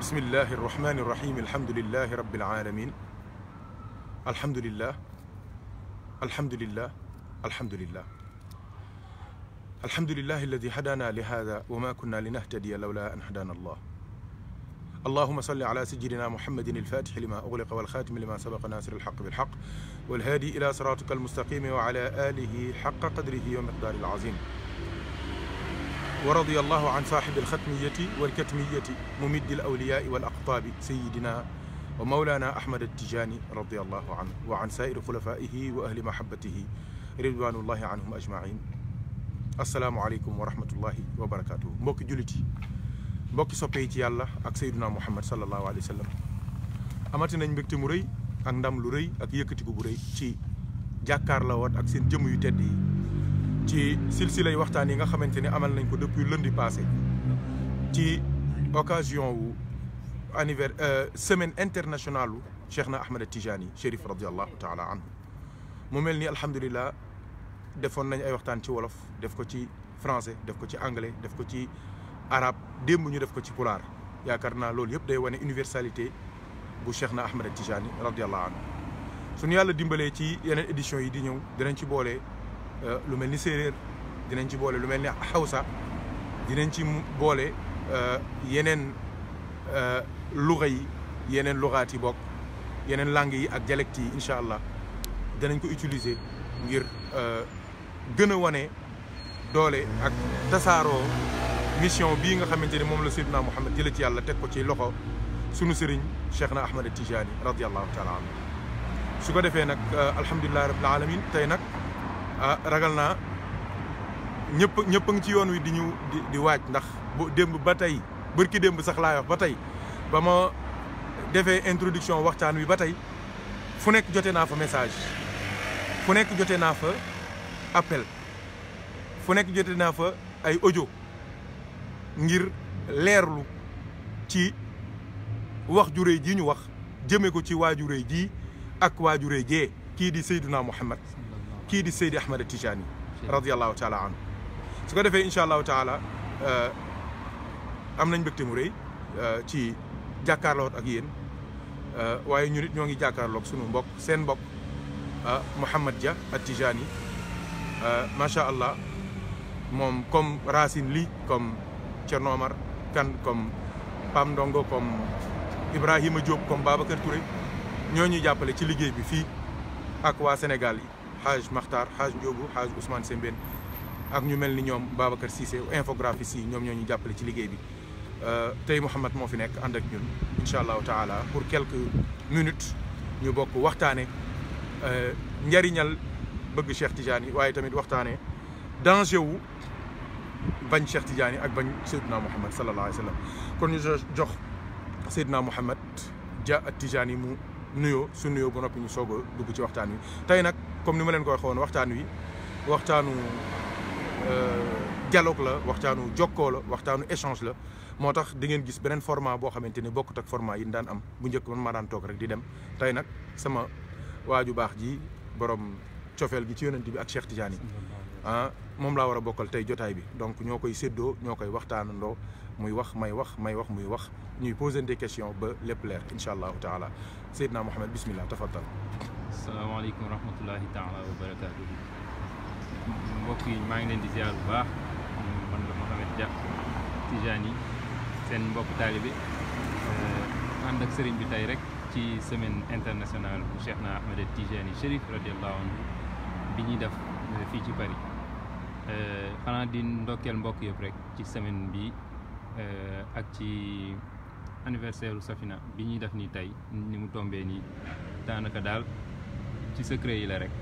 بسم الله الرحمن الرحيم الحمد لله رب العالمين الحمد لله الحمد لله الحمد لله الحمد لله الذي هدانا لهذا وما كنا لنهتدي لولا أن هدانا الله اللهم صل على سجدنا محمد الفاتح لما أغلق والخاتم لما سبق ناصر الحق بالحق والهادي إلى صراطك المستقيم وعلى آله حق قدره ومقدار العظيم ورضي الله عن صاحب الختمية والكتمية ممد الأولياء والأقطاب سيدنا ومولانا أحمد التجاني رضي الله عنه وعن سائر خلفائه وأهل محبته رضوان الله عنهم أجمعين السلام عليكم ورحمة الله وبركاته بوك جلتي بوك سبيتي الله أك سيدنا محمد صلى الله عليه وسلم أماتنا نبكت مري أندام لري أك يكتب بري تي جاكار لوات أك سين جمو يتدي ci silsilay waxtaan yi nga xamanteni amal nañ ko depuis lundi passé ci occasion wu anniver semaine internationale u Cheikhna Ahmed Tijani Chérif radiallahu taala anhu mu melni alhamdullilah defon nañ ay waxtaan ci wolof def ko ci français def ko ci anglais def ko ci arab démb ñu def ko ci pulaar yaakaar lool yep day wone universalité bu Cheikhna Ahmed Tijani radiallahu anhu suñu yàlla dimbalé ci yeneen édition yi di ñëw dinañ ci bolé lu mel ni séeréer dinañ ci boole lu mel ni xawsa dinañ ci boole yeneen luxa yi yeneen luxaat yi bokk yeneen langues yi ak dialectes yi incha allah danañ ko utiliser ngir gën a wane doole ak tasaaroo mission bii nga xamante ni moom la Seydina Mouhamed jëlee ci yàlla teg ko ci loxo sunu sëriñ Cheikh na Ahmed Tidiane radiyallahu taala anhu su ko defee nag alhamdulilah rabbil alamin tey nag. ah ragal naa ñëpp ñëpp a ngi ci yoon wi di ñu di di waaj ndax bu démb ba tey bërki démb sax laay wax ba tey ba ma defee introduction waxtaan wi ba tey fu nekk jote naa fa message fu nekk jote naa fa appel fu nekk jote naa fa ay ojo ngir leerlu ci wax ju yi ji ñu wax jëme ko ci waa yi réy ak waa ju réy kii di Seydouna Mouhamed kii di Seydi Ahmed Tidiane radiallahu taala anhu su ko defee incha allahu taala euh, am nañ mbégte mu rëy euh, ci jàkkaarloo ak yéen euh, waaye ñu nit ñoo ngi jàkkaarloog sunu mbokk seen mbokk Mouhamad Dia at Tidiane macha allah moom comme Racine Ly comme Thierno Omar Kane comme Pam Ndongo comme Ibrahima Diop comme Babacar Touré ñoo ñuy jàppale ci liggéey bi fii ak waa Sénégal yi. xaaj Makhtar xaaj Ndiobu xaaj Ousmane Sembène ak ñu mel ni ñoom Babacar Cissé infographiste yi ñoom ñoo ñu jàppale ci liggéey bi euh, tey Mouhamed moo fi nekk ànd ak ñun incha allahu taala pour quelques minutes ñu bokk waxtaane euh, njariñal bëgg Cheikh Tidiane waaye tamit waxtaane danger wu bañ Cheikh Tidiane yi ak bañ Seydina Mouhamed sallallahu alayhi wa sallam kon ñu jox Seydina Mouhamed ja at Tidiane yi mu nuyoo su nuyoo ba noppi ñu soog a dugg ci waxtaan wi tey nag comme ni ma leen ko waxoon waxtaan wi waxtaanu euh, dialogue la waxtaanu jokkoo la waxtaanu échange la moo tax di ngeen gis beneen format boo xamante ni bokkut ak format yi daan am bu njëkk man maa daan toog rek di dem tey nag sama waaju baax ji borom cofeel gi ci yonent bi ak Cheikh Tidiane mom la wara bokal tay jotay bi donc ñoo seddo séddoo ñoo koy muy wax may wax may wax muy wax ñuy poser des questions ba lépp leer inshallah taala sayyidna mohammed bismillah tafatal asalaamaaleykum wa rahmatullahi taala wa barakatuh mbokk yi ma ngi leen di ziar bu baax man la mohammed Dia Tijani sen mbokk euh ànd ak serigne bi tay rek ci semaine internationale Cheikhna Ahmed Tijani Chérif radiallahu anhu bi ñi def fi ci Paris xanaa eh, di ndokkeel mbokk yeb ya, rek ci semaine bi eh, ak ci anniversaire Safina bi ñuy def ni tay ni mu tombé ni daanaka dal ci secret yi la rek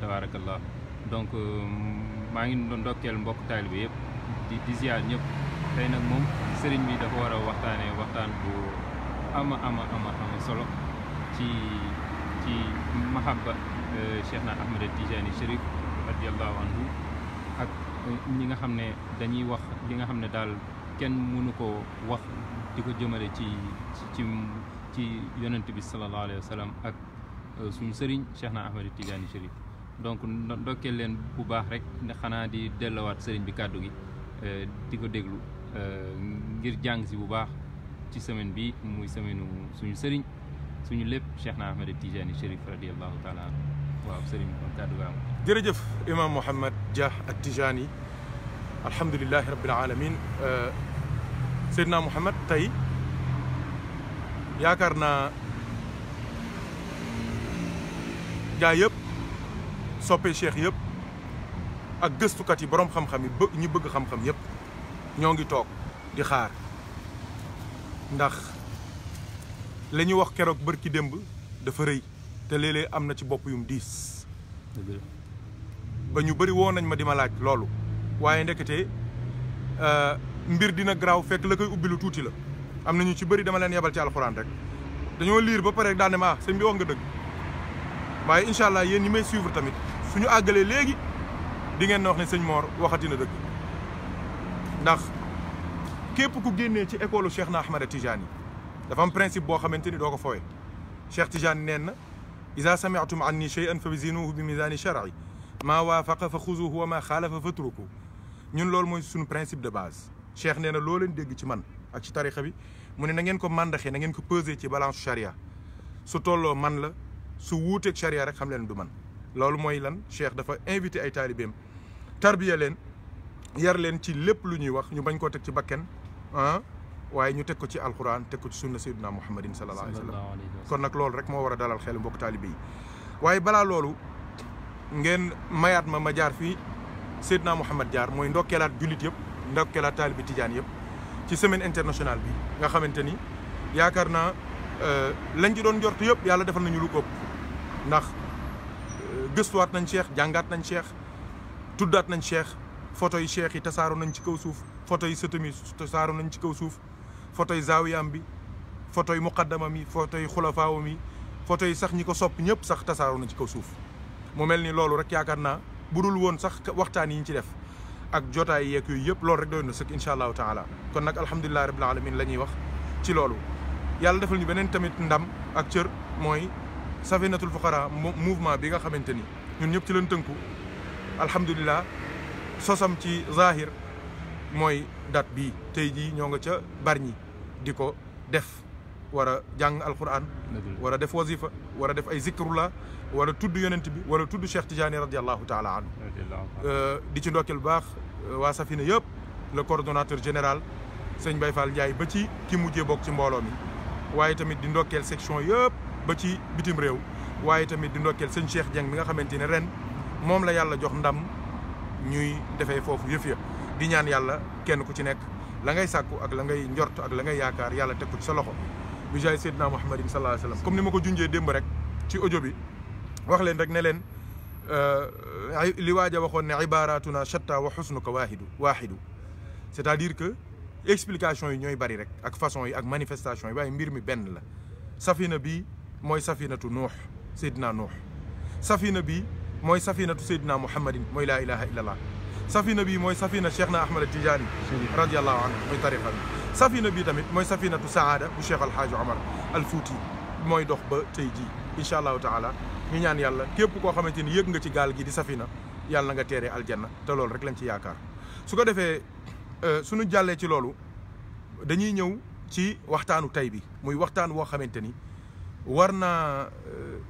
tabarakallah donc mm, ma ngi ndokkeel mbokk talib yeb di di ziar ñep tay nak mom serigne bi dafa wara waxtane waxtan bu ama ama ama ama solo ci ci mahabba eh, na Ahmed Tijani Chérif radiallahu anhu ak eh, ñi nga xam ne dañuy wax li nga xam ne daal kenn mënu ko wax di ko jëmale ci ci ci yonent bi sallallahu alayhi wa ak eh, suñu sëriñ Cheikh na Ahmed Tidiane Chérif donc ndokkeel leen bu baax rek ne xanaa di dellowaat sëriñ bi kàddu gi eh, di ko déglu ngir jàng si bu baax ci semaine bi muy semaine suñu sëriñ suñu lépp Cheikh na Ahmed Tidiane Chérif radiallahu taala جرجف إمام محمد جاه التجاني الحمد لله رب العالمين سيدنا محمد تاي ياكرنا جايب صوبي شيخ يب أجستو كاتي برام خم خمي بق نيبق خم خم يب نيونغي توك دي خار نخ لنيو وخ كروك بركي دمبو دفري te léeg am na ci bopp yum diis ba ñu bari woo nañ ma di ma laaj loolu waaye ndekete euh, mbir dina garaaw fekk la koy ubbi tuuti la am na ñu ci bëri dama leen yebal ci alxuraan rek dañoo liir ba pare daal ne ma ah bi wax nga dëgg waaye incha allah yéen ñi may suivre tamit suñu àggalee léegi di ngeen na wax ne sëñ Mor waxati na dëgg ndax képp ku génnee ci école Cheikh na Ahmada Tijaan yi dafa am principe boo xamante ni doo ko fowee Cheikh Tijaan neen na إذا سمعتم عني شيئا فبزينوه بميزان شرعي ما وافق فخذوه وما خالف فاتركوه ñun lool moy suñu principe de base Cheikh neena lo leen deg ci man ak ci tarixa bi mune na ngeen ko mandaxé na ngeen ko peser ci balance sharia su tolo man la su wouté ak sharia rek xam leen du man lool moy lan Cheikh dafa inviter ay talibem tarbiya leen yar leen ci lépp luñuy wax ñu bañ ko tek ci bakken ah waye ñu tek ko ci alquran tek ko ci sunna sayyidina muhammadin sallallahu alayhi wasallam kon nak lool rek mo wara dalal xel mbok taalibe yi waaye balaa loolu ngeen mayat ma ma jaar fi sayyidina muhammad jaar moy ndokelat julit yeb ndokelat taalibe tidiane yeb ci semaine internationale bi nga xamanteni ni euh lañ ci doon njort yeb yàlla defal nañu lu ko ndax gëstuwaat nañ cheikh jangat nañ cheikh tuddat nañ cheikh photo yi cheikh yi tasaru nañ ci kaw suuf photo yi setemi tasaru nañ ci kaw suuf photo yi zaawiyam bi photo yi muqaddamam yi photo yi xulafaawam yi photo yi sax ñi ko sopp ñëpp sax tasaaru na ci kaw suuf mu mel ni loolu rek yaakaar naa budul woon sax waxtaan yi ñu ci def ak jotaay yeeg yooyu yëpp loolu rek doy na sëkk incha allahu taala kon nag alhamdulilah rabbil alamin la ñuy wax ci loolu yàlla defal ñu beneen tamit ndam ak cër mooy safinatul fuqara mouvement bi nga xamante ni ñun ñëpp ci leen tënku alhamdulilah sosam ci zahir mooy date bii tey jii ñoo nga ca Bargny di ko def war a jàng alquran war a def wazifa war a def ay zikrullah war a tudd yonent bi war a tudd Cheikh Tidiane radiallahu taala anhu euh, di ci ndokkeel baax euh, waa safina yëpp le coordonnateur général sëñ bay Fall Ndiaye ba ci ki mujjee bokk ci mbooloo mi waaye tamit di ndokkeel section yëpp ba ci bitim réew waaye tamit di ndokkeel sëñ Cheikh Dieng mi nga xamante ne ren moom la yàlla jox ndam ñuy defee foofu yëf ya di ñaan yàlla kenn ku ci nekk la ngay sàkku ak la ngay njort ak la ngay yaakaar yàlla tekku ci sa loxo bi jay Seydina muhammad sallallahu alayhi wasallam comme ni mako junjé démb rek ci audio bi wax leen rek ne leen li waaja waxoon ne ibaratuna shatta wa husnuka wahid wahid c'est-à-dire que explication yi ñoy bari rek ak façon yi ak manifestation yi way mbir mi ben la safina bi moy safinatu nuh Seydina nuh safina bi moy safinatu Seydina Muhammadin moy la ilaha illallah safina bi mooy safina Cheikhna Ahmad tijani radiallahu anhu mooy tariqa safina bi tamit mooy safinatu saada bu Cheikh Alhaaji Omar al Fuuti mooy dox ba tey jii taala ñu ñaan yàlla képp koo xamante ni yëg nga ci gaal gi di safina yàlla na nga teeree aljanna te loolu rek lañ ci yaakaar su ko defee suñu jallé ci loolu dañuy ñëw ci waxtaanu tey bi muy waxtaan woo xamante ni war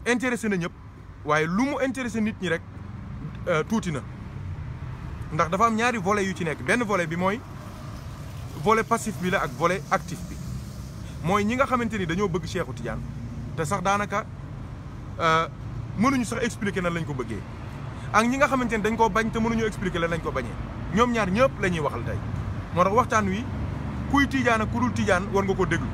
intéressé na ñëpp waaye lu mu intéressé nit ñi rek tuuti na ndax dafa am ñaari volet yu ci nekk benn volet bi mooy volet passif bi la ak volet actif bi mooy ñi nga xamante ni dañoo bëgg Cheikhou Tidiane te sax daanaka euh, mënuñu sax expliquer nan lañ ko bëggee ak ñi nga xamante ni dañ koo bañ te mënuñu expliquer lan lañ ko bañee ñoom ñaar ñëpp la ñuy waxal tey moo tax waxtaan wi kuy Tidiane ak ku dul Tidiane war nga ko déglu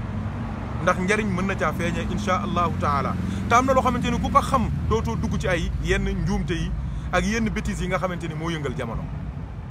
ndax njariñ mën na caa feeñee incha allahu taala te am na loo xamante ni ku ko xam dootoo dugg ci ay yenn njuumte yi ak yenn bêtises yi nga xamante ni moo yëngal jamono.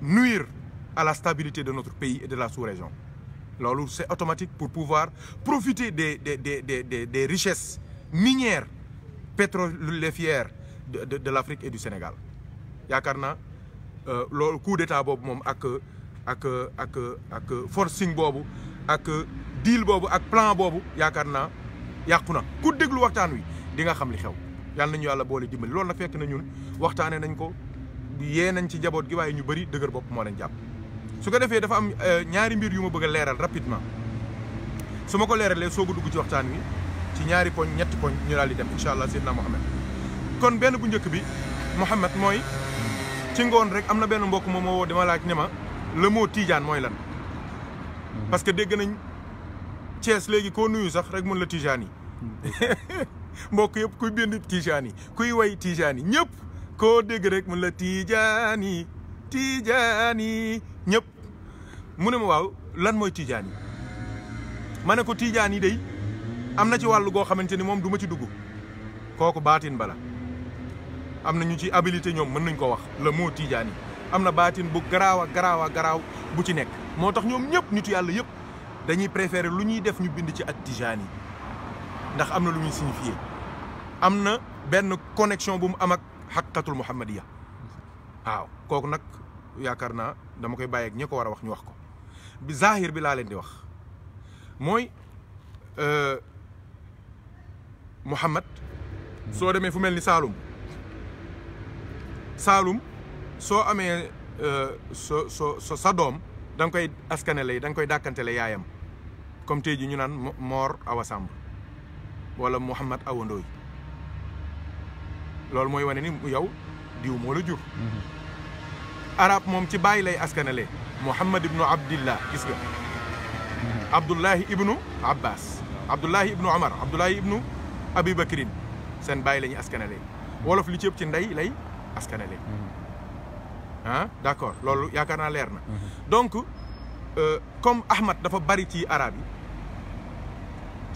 nuire à la stabilité de notre pays et de la sous-région. loolu c'est automatique pour pouvoir profiter des des des des des richesses minières pétrolières de de de l'Afrique et du Sénégal Yakarna, naa euh, loolu coup d'état a que, ak ak ak ak forcing bobu, ak deal boobu ak plan bobu, yakarna, yakuna. Coup de ku déglu waxtaan wi di nga xam li xew yàlla nañu yàlla boole dimbali loolu la fekk na ñun nañ ko. yee nañ ci jaboot gi waaye ñu bëri dëgër bopp moo leen jàpp su ko defee dafa am euh, ñaari mbir yu ma bëgg a leeral rapidement su ma ko leeralee soog a dugg ci waxtaan wi ci ñaari poñ ñetti poñ ñu daal di dem incha allah seydina Mohamed kon benn bu njëkk bi Mohamed mooy ci ngoon rek am na benn mbokk moom moo woo dama laaj ne ma le mot tijaan mooy lan. Mhm. parce que dégg nañ Thiès léegi koo nuyu sax rek mun la tijaan yi mhm. mbokk yëpp kuy bind tijaan yi kuy way tijaan yi ñëpp. koo dégg rek mun la tijaani tijaani ñëpp mu ne ma waaw lan mooy tiijaani ma ne ko tijaani day am na ci wàll goo xamante ni moom duma ci dugg kooku baatin bala am na ñu ci habilité ñoom mën nañ ko wax le mot tijaani am na baatin bu garaaw a garaaw a garaaw bu ci nekk moo tax ñoom ñëpp nitu yàlla yëpp dañuy préférer lu ñuy def ñu bind ci at tijaani ndax am na lu muy signifié am na benn connexion bu mu am riqatul muhammadiya aw kooku nag yaakaar na dama koy bàyyeeg ñi ko war a wax ñu wax ko bi zahir bi laa leen di wax mooy euh, muhammad soo demee fu mel ni saalum saalum soo amee euh, soo soo sa doom da koy askane da nga koy dàkkantele yaayam comme tey ji ñu naan moor Awa walla wala Mouhamad loolu mooy wane ni yow diw moo la jur mhm. arab moom ci bàyyi lay askanale muhammad ibnu abdillah gis nga mhm. abdullahi ibnu abbas abdullahi ibnu omar abdullahi ibnu abi bakrin seen bàyyi lañu ñuy askanale mhm. wolof li ci ci ndey lay askanale ah d'accord loolu yaakaar naa leer na donc euh, comme ahmad dafa bari ci arab yi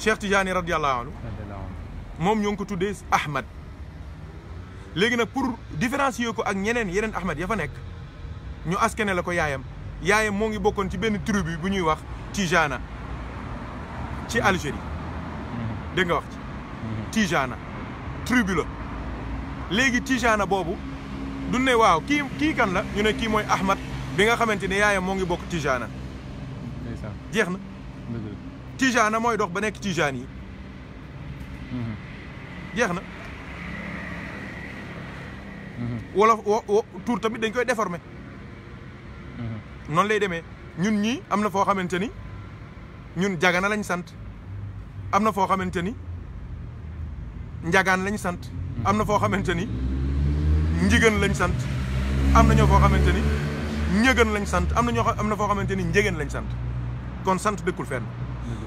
cheikh tijaani radiallahu anhu moom ñoo ngi ko tuddee ahmad léegi nag pour différencier ko ak ñeneen yeneen Ahmed ya fa nekk ñu askane la ko yaayam yaayam moo ngi bokkoon ci benn tribu bu ñuy wax Tijana ci Algérie mhm. danga wax ci mhm. Tijana tribu la léegi Tijana boobu du ne waaw kii kii kan la ñu ne kii mooy Ahmed bi nga xamante ne yaayam moo ngi bokk Tijana jeex na Tijana mooy dox ba nekk Tijane yi mhm. jeex na Mhm. wala tour tamit dañ koy déformer mhm. non lay démé ñun ñi amna maintenir. xamanteni ni ñun jagana lañ sant am fo xamanteni ni lañ sant mhm. amna fo ni lañ sant maintenir. ño xamanteni ni sant amna ño sant kon sant fenn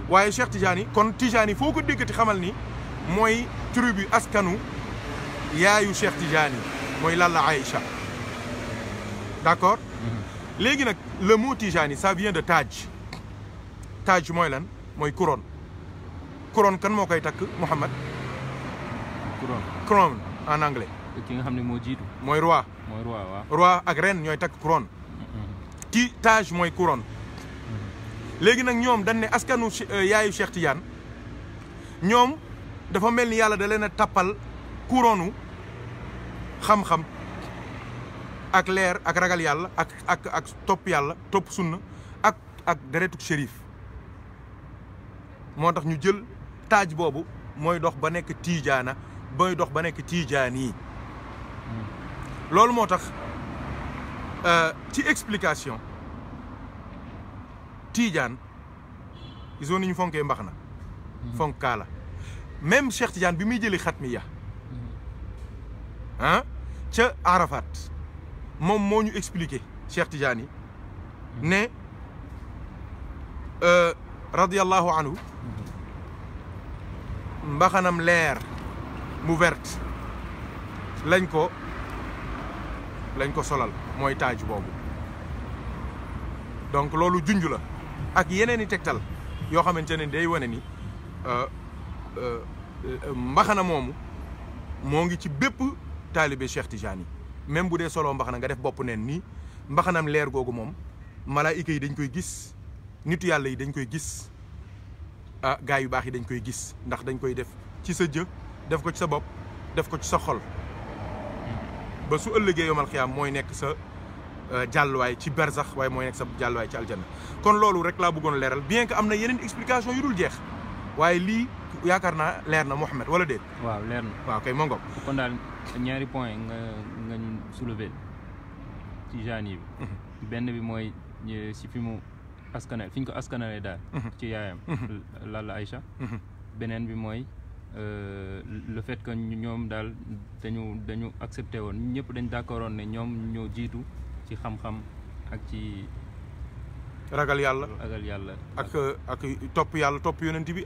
waye Cheikh tijani kon tijani, maintenir. Nous xamal ni tribu askanu yaayu Cheikh tijani mooy Lalla Aïcha d'accord? Mhm. légui nak le mot Tijani ça vient de Taj. Taj moy lan moy couronne couronne kan moo koy takk Mouhamad. couronne couronne en anglais. Le nga xamné mo moo moy roi. moy roi wa roi ak reine ñoy tak couronne. Mhm. ki Taj moy couronne. Mhm. légui nak ñom dañ né askanu euh, yaayu Cheikh Tidiane ñom dafa melni yalla yàlla da leen couronne. xam-xam ak leer ak ragal yàlla ak ak ak topp yàlla topp sunna ak ak deretuk shérif moo tax ñu jël taaj boobu mooy dox ba nekk tiijaana mooy dox ba nekk tiijaan yi loolu moo tax euh, ci explication tiijaan gisoo ni ñu fonkee mbax na mhm. fonk kaala même Cheikh Tidiane bi muy jëli xatmiya ah ca Arafat moom moo ñu expliqué Cheikh Tidiane ne euh, radiyallahu anhu mbaxanam leer mu verte lañ ko lañ ko solal mooy taaj boobu donc loolu junj la ak yeneen i tegtal yoo xamante ne day wane ni euh, euh, mbaxana moomu moo ngi ci bépp taalibe Cheikh Tidiane yi même bu dee solo mbaxana nga def bopp neen nii mbaxanam leer googu moom malaayika yi dañ koy gis nitu yàlla yi dañ koy gis ah gaa yu baax yi dañ koy gis ndax dañ koy def ci sa jë def ko ci sa bopp def ko ci sa xol ba su ëllëgee yomal xiyaam mooy nekk sa euh, jàlluwaay ci berzax waaye mooy nekk sa jàll jàlluwaay ci aljanna kon loolu rek laa bëggoon leeral bien que am na yeneen explication yu dul jeex waaye lii yaakaar naa leer na Mouhamed wala déet. waaw leer na waaw kay moo ngoog. kon daal ñaari point nga nga ñu soulever ci genre bi. Mhm. benn bi mooy euh, si fi mu askanal fi ñu ko askanalee daal. Mhm. ci yaayam. Mhm. Lalla Aïcha. beneen bi mooy euh, le fait que ñoom daal dañu dañu accepté woon ñëpp dañ d'accordoon ne ñoom ñoo jiitu ci xam-xam ak ci. ragal yàlla ragal yàlla. ak topp yàlla topp yonent bi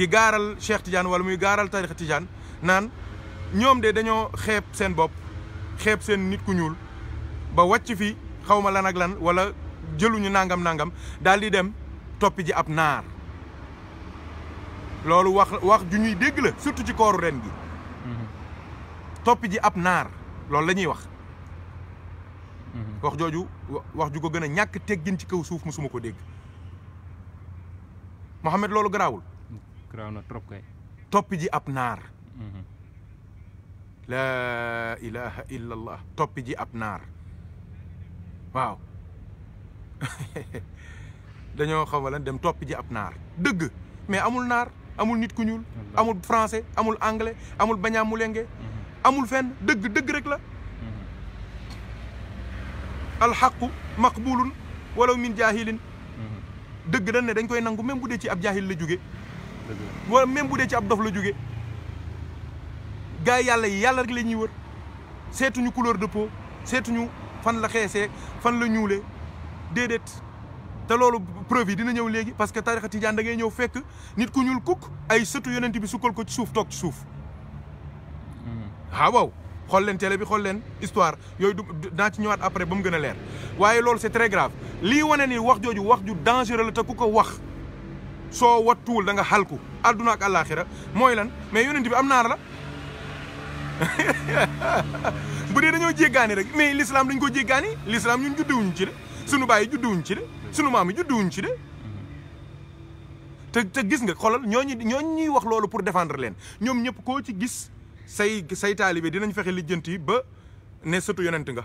di garal Cheikh Tidiane wala muy garal tarixa Tidiane nan ñom de dañu xép sen bop xép sen nit ku ñuul ba wacc fi xawma lan ak lan wala jëluñu nangam nangam dal di dem topi ji ab nar lolu wax wax ju ñuy dégg la surtout ci koru ren gi topi ji ab nar lolu lañuy wax wax joju wax ju ko gëna ñak teggin ci kaw suuf musuma ko dégg Mohamed lolu grawul garaaw na trop kay topp ji ab nar mhm. la ilaha illa allah topp ji ab nar waaw daño xaw dem topi ji ab nar deug mais amul nar amul nit ku ñul amul français amul anglais amul bañaamulenge mhm. amul fen deug deug rek la mhm. haqq maqbulun walaw min jahilin deug dañ ne dañ koy nangu même bu dé ci ab jahil la juggé wala même bu dee ci ab dof la jóge gars yàlla yàlla rek la ñuy wër seetuñu couleur de peau seetuñu fan la xeesee fan la ñuulee déedéet te loolu preuve yi dina ñëw léegi parce que tarixa tijaan da ngay ñëw fekk nit ku ñuul kukk ay sëtu yonent bi sukkal ko ci suuf toog ci suuf hmm. ah waaw xool leen télé bi xool leen histoire yooyu du naa ci ñëwaat après ba mu gën a leer waaye loolu c'est très grave lii wane ni wax jooju wax ju dangereux la te ku ko wax soo wattuwul da nga xalku àdduna ak àllaaxira mooy lan mais yonent bi am naar la bu dee dañoo jéggaani rek mais l'islam dañ ko jéggaani l'islam ñun judduwuñ ci de sunu baay yi judduwuñ ci de sunu maam yi judduwuñ ci de te te gis nga xoolal ñooñu ñooñu ñuy wax loolu pour défendre leen ñoom ñëpp koo ci gis say say taalibe dinañ fexe yi ba ne sëtu yonent nga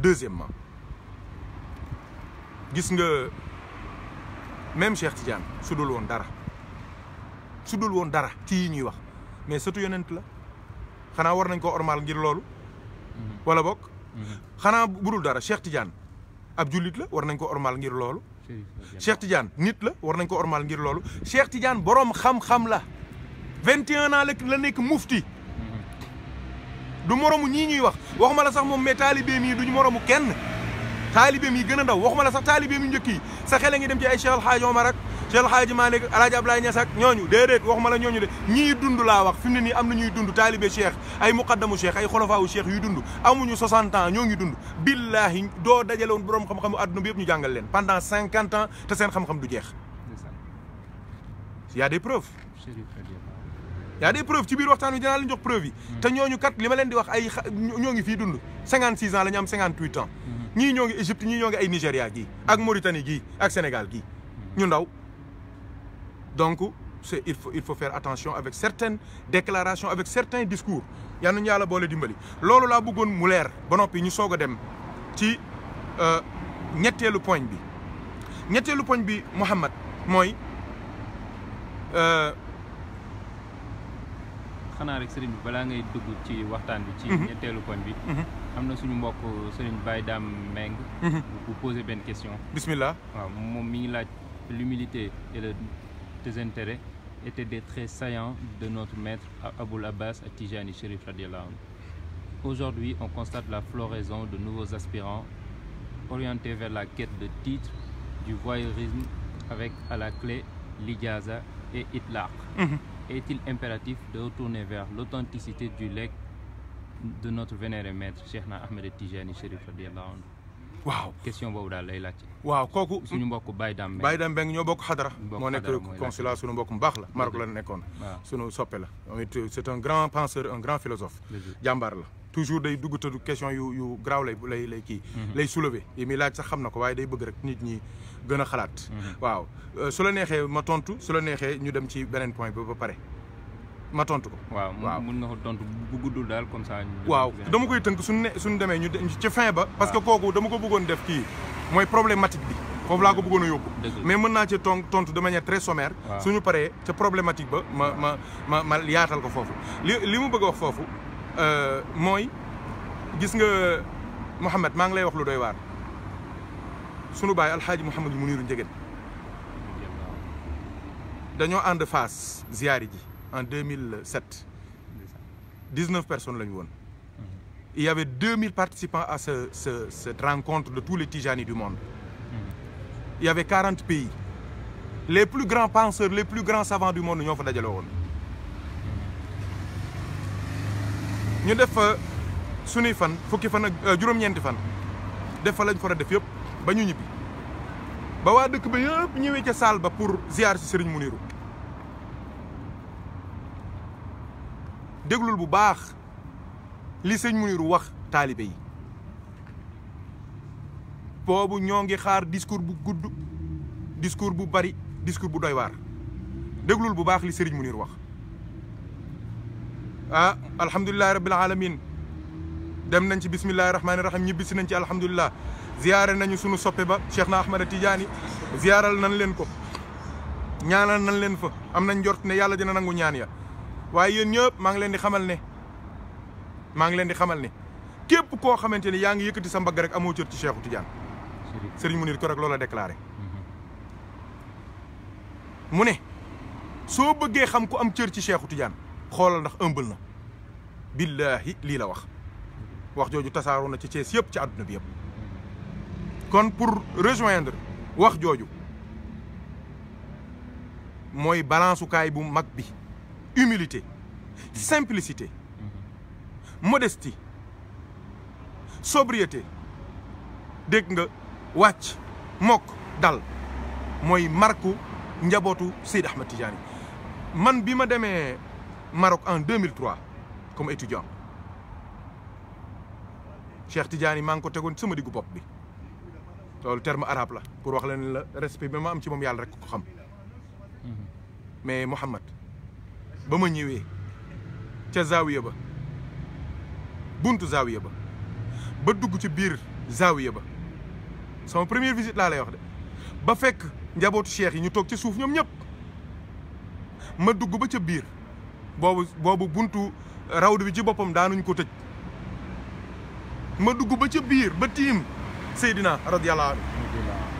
deuxièmement même Cheikh Tidiane su dara mais surtout yonent la ormal ngir voilà mhm. wala mhm. budul dara Cheikh Tidiane ab la war nañ ko Cheikh Tidiane nit la war nañ ko ngir Cheikh Tidiane borom ans mufti du moromu ñii ñuy wax waxuma la sax moom mais taalibeem yi duñu moromu kenn taalibeem yi gën a ndaw waxuma la sax taalibeem yu njëkk yi sa xel a dem ci ay Cheikh Alhaaji Omar ak Cheikh Alhaaji Malick Alhaaji Ablaye Niass ak ñooñu déedéet waxuma la ñooñu de ñii dund laa wax fi mu ne nii am na ñuy dund taalibe Cheikh ay muqaddamu Cheikh ay xolofaawu Cheikh yuy dund amuñu 60 ans ñoo ngi dund billaahi doo dajaloon borom xam-xamu adduna bi yëpp ñu jàngal leen pendant 50 ans te seen xam-xam du jeex y a des preuves y a des preuves tu peux voir wi dinaa leen jox preuve yi mm. te ñooñu kat li ma leen di wax ay ñoo ngi fii dund six ans la ñu am cinquante ans ni mm-hmm. ñoo ngi Égypte ni ñoo ngi ay Nigéria gii ak Mauritanie gii ak Sénégal gii mm-hmm. ñu ndaw donc c'est il faut il faut faire attention avec certaines déclarations avec certains discours yal nañu la boole dimbali loolu laa bëggoon mu leer ba noppi ñu soog a dem ci euh, le point bi le point bi Mouhamad Euh, xanaa rek sëriñ balaa ngay dugg ci waxtaan bi. ci mhm. ñetteelu bi. Mhm. am suñu mbokk Serigne Baye mhm. question. bismillah waaw mi ngi l'humilité et le désintérêt étaient des traits saillants de notre maître Aboul Abbas à tijani sherif radiallahu Aujourd'hui, on constate la floraison de nouveaux aspirants orientés vers la quête de titres, du voyeurisme avec à la clé l'ijaza et itlaq est-il impératif de retourner vers l'authenticité du lait de notre vénéré maître Cheikhna Ahmed Tijani Chérif radiyallahu Wow waaw question boobu daal lay laajte. Si kooku suñu mbokk Baye Dame Baye Dame Mbengue ñoo bokk xadara moo nekk consulat suñu mbokk mu baax la Maroc la nekkoon suñu soppe la c'est un grand penseur un grand philosophe jàmbaar la toujours day dugg te du question yu yu graaw lay lay lay kii. Mhm. lay soulever et muy laaj sax xam na ko waaye day bëgg rek nit ñi gëna xalat mhm. waaw euh, su la neexee ma tontu su la neexee ñu dem ci benen point ba ba paré ma tontu ko. waaw mun nga ko tontu bu guddul dal comme ça. waaw dama koy teunk suñu ne suñu demee ñu ci fin ba. parce que koku dama ko bëggoon def kii moy problématique bi. foofu laa ko bëggoon a yóbbu. mais mën naa ci tontu de manière très sommaire. suñu paree ca problématique ba ma ma ma yaatal ko foofu li li mu bëgg wax foofu euh, Moi, gis nga que Mohamed lay wax lu doy waar sunu fait Ziyari en 2007 19 personnes il y avait 2000 participants à cette rencontre de tous les tijani du monde il y avait 40 pays les plus grands penseurs les plus grands savants du monde ñoo fait la dialogue. ñu def fa sunuy fan fukki fan ak euh, juróom-ñeenti fan def fa lañ fa a def yëpp ba ñu ñibbi ba waa dëkk ba yëpp ñëwee ca saal ba pour ziar si mu Mounirou déglul bu baax li sëñ Mounirou wax taalibe yi boobu ñoo ngi xaar discours bu gudd discours bu bari discours bu doy waar déglul bu baax li mu Mounirou wax. ah alhamdulilahi rabbil alamin dem nañ ci bismillahi rahmaani rahim ñibbisi nañ ci alhamdulilah ziyaare nañu sunu soppe ba Cheikh na Ahmada Tidiane ziyaaral nañ leen ko ñaana nañ leen fa am nañ njort ne yàlla dina nangu ñaan ya waaye yéen ñëpp maa ngi leen di xamal ne maa ngi leen di xamal ne képp koo xamante ne yaa ngi yëkkati sa mbagg rek amoo cër ci Cheikhu Tidiane mu Mounir ko rek loola déclaré mm-hmm. mu ne soo bëggee xam ko am cër ci Cheikhu Tidiane xolal ndax ëmbal na billahi li la wax wax joju tasaaroo na ci ciess yep ci aduna bi yep kon pour rejoindre wax moy balance kay bu mag bi humilité simplicité modestie sobriété deg nga wacc mok dal moy marku njabootu Seydi Ahmed Tidiane man bima ma Maroc en 2003 comme étudiant Cheikh Tidiane maa ngi ko tegoon sama diggu bopp bi toolu terme arabe la pour wax leen la respect bi ma am ci moom yàlla rek ko xam mais Mouhamad ba ma ñëwee ca zaawiya ba buntu zaawiya ba ba dugg ci biir zaawiya ba sama premier visite laa lay wax de ba fekk njabootu cheikh yi ñu toog ca suuf ñoom ñëpp ma dugg ba ca biir boobu boobu buntu rawdu bi ci boppam daanuñ ko tëj ma dugg ba ca biir ba tiim Seydina radiyallahu anhu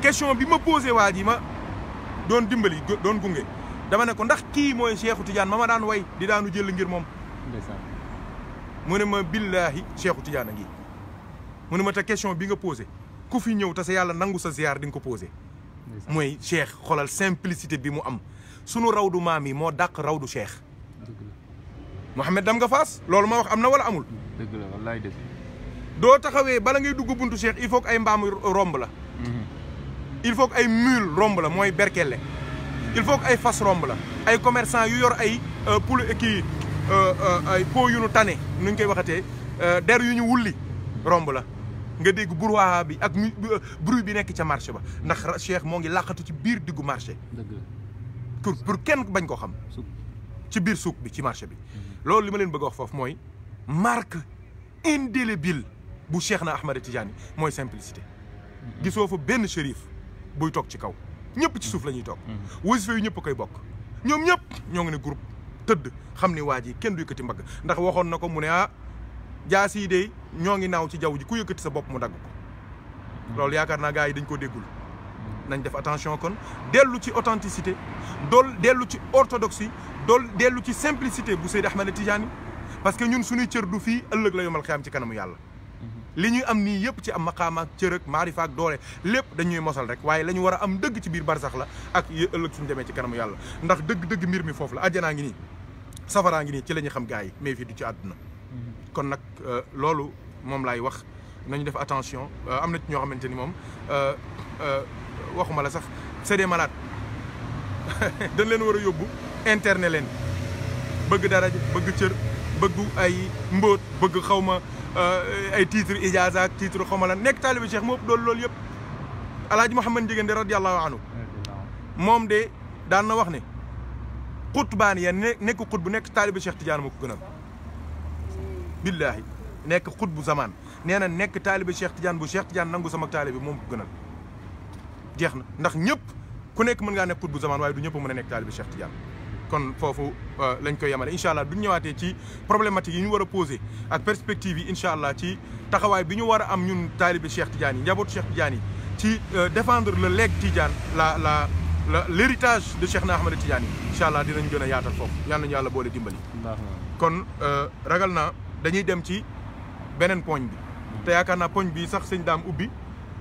question bi ma posé waa ji ma doon dimbali doon gunge dama ne ko ndax kii mooy Cheikhu Tidiane ma ma daan way di daanu jël ngir moom mu ne ma billaahi Cheikhu Tidiane a ngi mu ne ma ta question bi nga posé ku fi ñëw te sa yàlla nangu sa ziar di ko posé mooy Cheikh xoolal simplicité bi mu am sunu rawdu maam yi moo dàq du Cheikh Mouhamed dam nga fas loolu ma wax am na wala amul. dëgg la wallaay doo taxawee bala ngay dugg buntu Cheikh il faut que ay mbaam romb la. Mhm. il faut que ay mule romb la mooy berkelle. il faut que ay fas romb la. ay commerçant yu yor ay euh, poule kii euh, euh, ay yu nu tane nuñ koy waxatee der yu ñu wulli romb la. nga dégg brouhaha bi ak bruit bi nekk ca marché ba ndax Cheikh moo ngi làqatu ci biir diggu marché. dëgg pour pour kenn bañ koo xam. ci biir suuk bi ci marché bi. Mhm. loolu li ma leen bëgg wax foofu mooy marque indélébile bu Cheikh na Ahmada Tidiane mooy simplicité. Mhm. gisoo fa benn shérif buy toog ci kaw ñëpp ci suuf mhm. la ñuy toog. wasifa yu ñëpp koy bokk ñoom ñëpp ñoo ngi ne groupe tëdd xam ni waa ji kenn du yëkkati mbagg ndax waxoon na ko mu ne ah jaas yi de ñoo ngi naaw ci jaww ji ku yëkkati sa bopp mu dagg ko. loolu yaakaar naa gars yi dañ ko déggul. nañ def attention kon dellu ci authenticité dool dellu ci orthodoxie dool dellu ci simplicité bu Seydi Ahmed Tidiane parce que ñun suñuy cër du fii ëllëg la yomal xiyaam ci kanamu yàlla mhm. li ñuy am nii yëpp ci am maqaam ak cër ak maarifa doole lépp dañuy mosal rek waaye la ñu war a am dëgg ci biir bari sax la ak ëllëg suñu demee ci kanamu yàlla ndax dëgg-dëgg mbir mi foofu la àjjanaa ngi nii safaraa ngi nii ci la xam gars mais fii du ci àdduna mhm. kon nag euh, loolu moom laay wax nañu def attention euh, am na ñoo xamante ni moom euh, waxuma la sax c'est des dañ leen war a yóbbu interne leen bëgg dara bëgg cër bëggu ay mbóot bëgg xaw ma euh, ay titre ijaasa ak titre xaw ma lan nekk taalibi cheikh moo ëpp doolu loolu yëpp alaaji Mouhamed Ndiéguène de radiyallahu anhu moom de daan na wax ne xutbaan ya nekk xut bu nekk taalibi cheikh Tidiane moo ko gënal billaahi nekk xut bu zamaan nee na nekk taalibi cheikh Tidiane bu cheikh Tidiane nangu sama taalibi moom ko gënal jeex na ndax ñëpp ku nekk mën ngaa nekk xut bu zamaan waaye du ñëpp mën a nekk kon fofu euh, lañ koy yemale inshallah duñ ñëwaatee ci problématique yi ñu wara poser ak perspective yi inshallah ci taxaway bi ñu wara am ñun taalibe Cheikh Tidiane yi Cheikh Tidiane ci euh, défendre le leg Tidiane la la l'héritage de Cheikh na Ahmed Tidiane inshallah dinañ gën yaatal fofu yal ñu yalla boole dimbali. kon euh, ragal na dañuy dem ci benen poñ bi. té yaakaar naa bi sax sëñ daam ubbi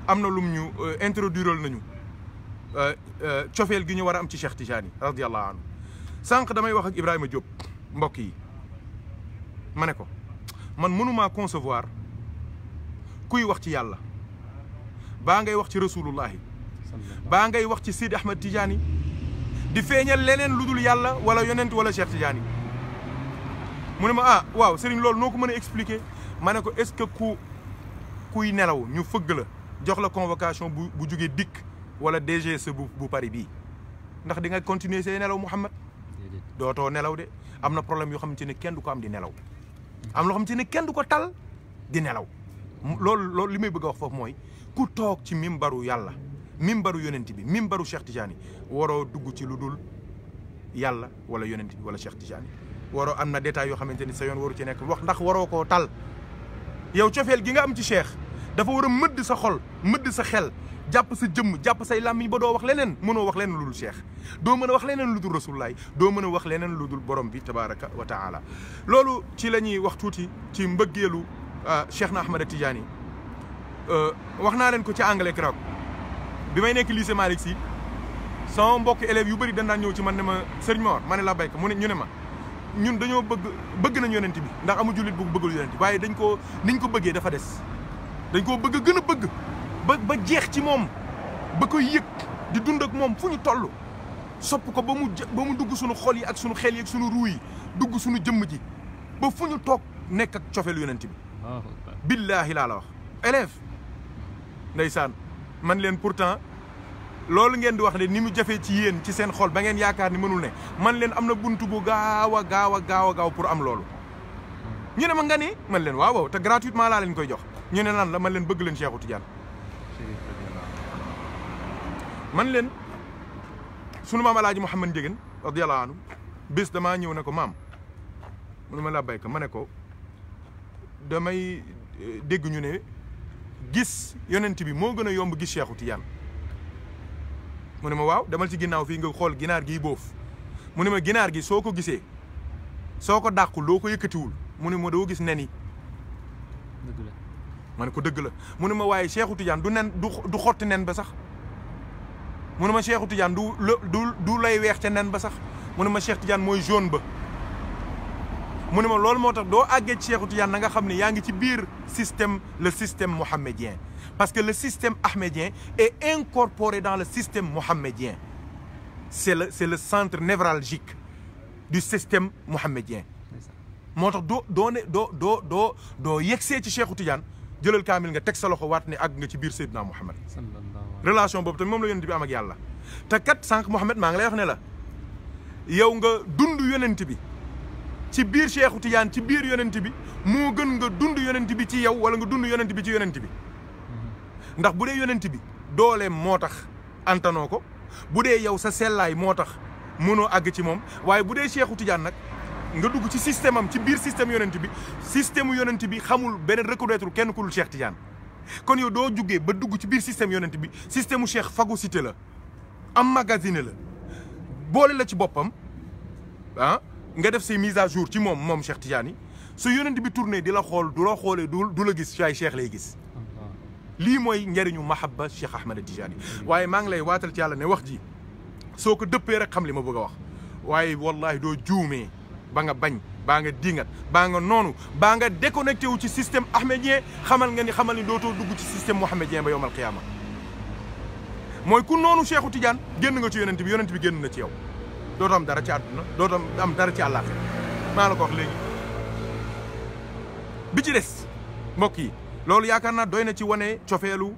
amna na ñu introduiral nañu euh euh cofeel gi ñu wara am ci Cheikh Tidiane radiyallahu anhu sànq damay wax ak Ibrahima Diop mbokk yi ma ne ko man mënumaa consevoir kuy wax ci yàlla baa ngay wax ci rasulullahi baa ngay wax ci Sidi Ahmed Tidiane di feeñal leneen lu dul yàlla wala yonent wala Cheikh Tidiane mu ne ma ah waaw Serigne loolu noo ko mën a expliquer ma ne ko est-ce que ku kuy nelaw ñu fëgg la jox la convocation bu bu jugee dikk wala DGC bu bu Paris bii ndax di nga continuer say nelaw Mouhamed. dootoo nelaw de am na problème yoo xamante ne kenn du ko am di nelaw am loo xamante ne kenn du ko tal di nelaw loolu loolu li may bëgg a wax foofu mooy ku toog ci mimbaru yàlla mimbaru yonent bi mimbaru Cheikh Tidiane waroo dugg ci lu dul yàlla wala yonent bi wala Cheikh Tidiane waroo am na détails yoo xamante ni sa yoon waru ci nekk wax ndax waroo koo tal yow cofeel gi nga am ci Cheikh dafa war a mëdd sa xol mëdd sa xel jàpp sa jëmm jàpp say làmmiñ ba doo wax leneen mënoo wax leneen lu dul Cheikh doo mën a wax leneen lu dul rasulullaay doo mën a wax leneen lu dul borom bi tabaraka wa taala loolu ci la ñuy wax tuuti ci mbëggeelu ah, Cheikh na Ahmada Tidiane euh, wax naa leen ko ci anglais keroog bi may nekk ma Malick si sama mbokk élèves yu bari dañ ñëw ci man ne ma sëriñ Mor ma ne la béykat mu ne ñu ne ma ñun dañoo bëgg bëgg nañ yonent bi ndax amu jullit bu bëggul yonent waaye dañ ko niñ ko bëggee dafa des dañ koo bëgg gën a bëgg ba ba jeex ci moom ba ko yëg di dund ak moom fu ñu toll sopp ko ba mu ba mu dugg suñu xol yi ak suñu xel yi ak suñu ruu yi dugg suñu jëmm ji ba fu ñu toog nekk ak cofeel yonent bi billaahi laa la wax élève ndeysaan man leen pourtant loolu ngeen di wax ne ni mu jafee ci yéen ci seen xol ba ngeen yaakaar ni mënul ne man leen am na bunt bu gaaw a gaaw a gaaw a gaaw pour am loolu hmm. ñu ne ma nga ni man leen waaw waaw te gratuitement laa leen koy jox ñu ne naan la man leen bëgg leen Cheikhu Tidiane man leen sunu maam alaaji Mouhamad Ndiéguène radiyallahu anhu bés damaa ñëw ne ko maam munu ma laa béykat ma ne ko damay eh, dégg ñu ne gis yonent bi moo gën a yomb gis Cheikhu Tidiane mu ne ma waaw demal ci ginnaaw fii nga xool ginaar gi boof mu ne ma ginaar gi soo ko gisee soo ko dàqul loo ko yëkkatiwul mu ne ma doo gis nen yi ma ne ko dëgg la munuma ne Cheikhou Tidiane du nen du du xotti nen ba sax munuma Cheikhou Tidiane du du du lay weex ci nen ba sax munuma Cheikh Tidiane moy jaune ba. munuma lol motax do agge Cheikhou Tidiane nga xamni yaangi ci bir système le système mohammédien parce que le système ahmédien est incorporé dans le système mohammédien c'est le c'est le centre névralgique du système mohammédien motax do do do do do doo ci Cheikhou Tidiane jëlal kaamil nga teg sa loxo waat ne àgg nga ci biir Seydina Muhammad relation boobu tamit moom la yonent bi am ak yàlla te kat sànq Muhammad maa lay wax nga dund yonent bi ci biir Cheikhu Tidiane ci biir yonent bi moo gën nga dund yonent bi ci yow wala nga dund yonent bi ci yonent bi mhm. ndax bu dee yonent bi dooleem moo tax antanoo ko bu dee yow sa sellaay moo tax mënoo àgg ci moom waaye bu dee Cheikhu Tidiane nag nga dugg ci système am ci biir système yonent bi système yonent bi xamul beneen reconnaître kenn ku dul tijaan kon yow doo jugee ba dugg ci biir système yonent bi système mu fago phagocyté la am magasiné la boole la ci boppam ah nga def say mise à jour ci moom moom Cheikh Tidiane yi su yonent bi tourné di la xool du la xoolee du du la gis ay Cheikh lay gis lii mooy njëriñu mahabba Cheikh Ahmed Tidiane waaye maa ngi lay waatal ci yàlla ne wax ji soo ko dëppee rek xam li ma wax waaye wallahi doo juumee ba nga bañ baa nga diingat baa nga noonu baa nga déconnecté wu ci système ahmédien xamal nga ni xamal ni dootoo dugg ci système mohamédien ba yowmal qiyaama mooy ku noonu Cheikhu Tidiane génn nga ci yonent bi yonent bi génn na ci yow dootoo am dara ci àdduna dootoo am dara ci àllaaxira maa la ko léegi bi ci des mbokk yi loolu yaakaar naa doy na ci wane cofeelu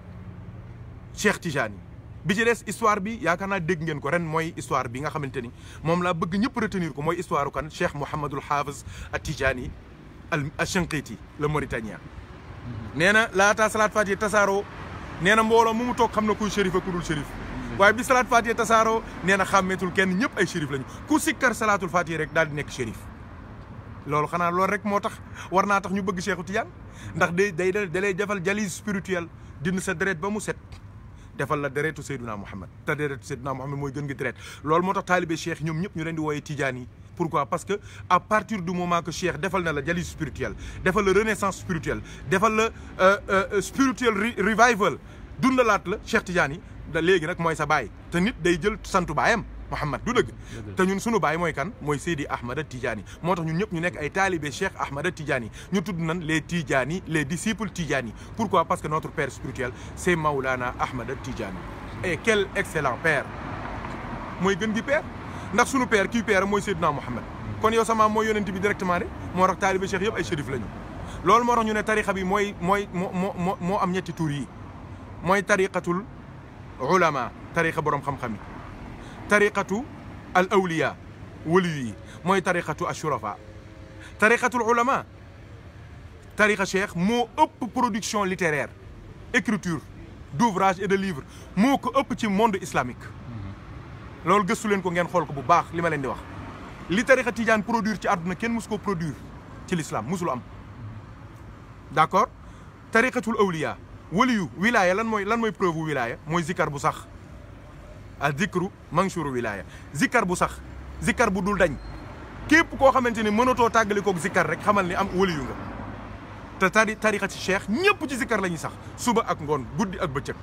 Cheikh Tidiane yi bi histoire bi yaakaar deg ngeen ko ren moy histoire bi nga xamanteni mom la bëgg ñëpp retenir ko moy histoire kan Cheikh Mouhamadul Hafiz Atijani al Shinqiti le Mauritanien. neena la ta salat faatiha tasaro neena mbolo mu mu tok xamna kuy shérif ak kudul dul shérif. waaye bi salat faatiha tasaro neena xametul kenn ñëpp ay shérif lañu ku sikkar salatul faatiha rek dal di nek shérif. lolu xana lolu rek motax warna tax ñu bëgg cheikh Tidiane ndax day day dalay defal jalis spirituel dinn sa dret ba mu set. défal la deretu Seydina Mouhamed ta deretu Seydina Mohammed moy gën gi deret loolu moo tax Cheikh ñom ñëpp ñu leen di wooyee tijaan pourquoi parce que à partir du moment que Cheikh défal na la jalis spirituel défal la renaissance spirituelle defal la euh, euh, spiritual revival dundalat la Cheikh Tidiane yi da léegi nag mooy sa baay te nit day jël santu bayam Mouhamad du dëgg te ñun sunu baay mooy kan mooy Seydi Ahmada Tidjani moo tax ñun ñëpp ñu nekk ay taalibe Cheikh Ahmada Tidjani ñu tudd nan les Tidjani les disciples Tidjani pourquoi parce que notre père spirituel c'est Maulana Ahmada Tidjani e quel excellent père mooy gën gi père ndax sunu père kii père mooy Seydina Mouhamad kon yow sama mooy yonent bi directement de moo tax taalibe Cheikh yëpp ay shérif lañu loolu moo tax ñu ne tariqa bi mooy mooy moo moo moo am ñetti tur yi mooy tariqatul ulama tariqa borom xam yi طريقة الأولياء ولي هي طريقة الشرفاء طريقة العلماء طريقة شيخ مو أوب برودكسيون ليترير إكريتور دوفراج إي دو ليفر مو كو أوب تي موند إسلاميك لول غسو لين كو نين خول باخ لي ما لين دي لي طريقة تيجان برودير تي أدنا كين موسكو برودير تي الإسلام مسلم أم داكور طريقة الأولياء وليو ولاية لان موي لان موي بروفو ولاية موي زيكار بو a zikru manshuru wilaya zikkar bu sax zikkar bu dul dañ képp koo xamante ni mënatoo tàggalikoog zikkar rek xamal ni am waliyu nga te tari tarixa ci cheikh ñëpp ci zikkar la sax suba ak ngoon guddi ak bëccëg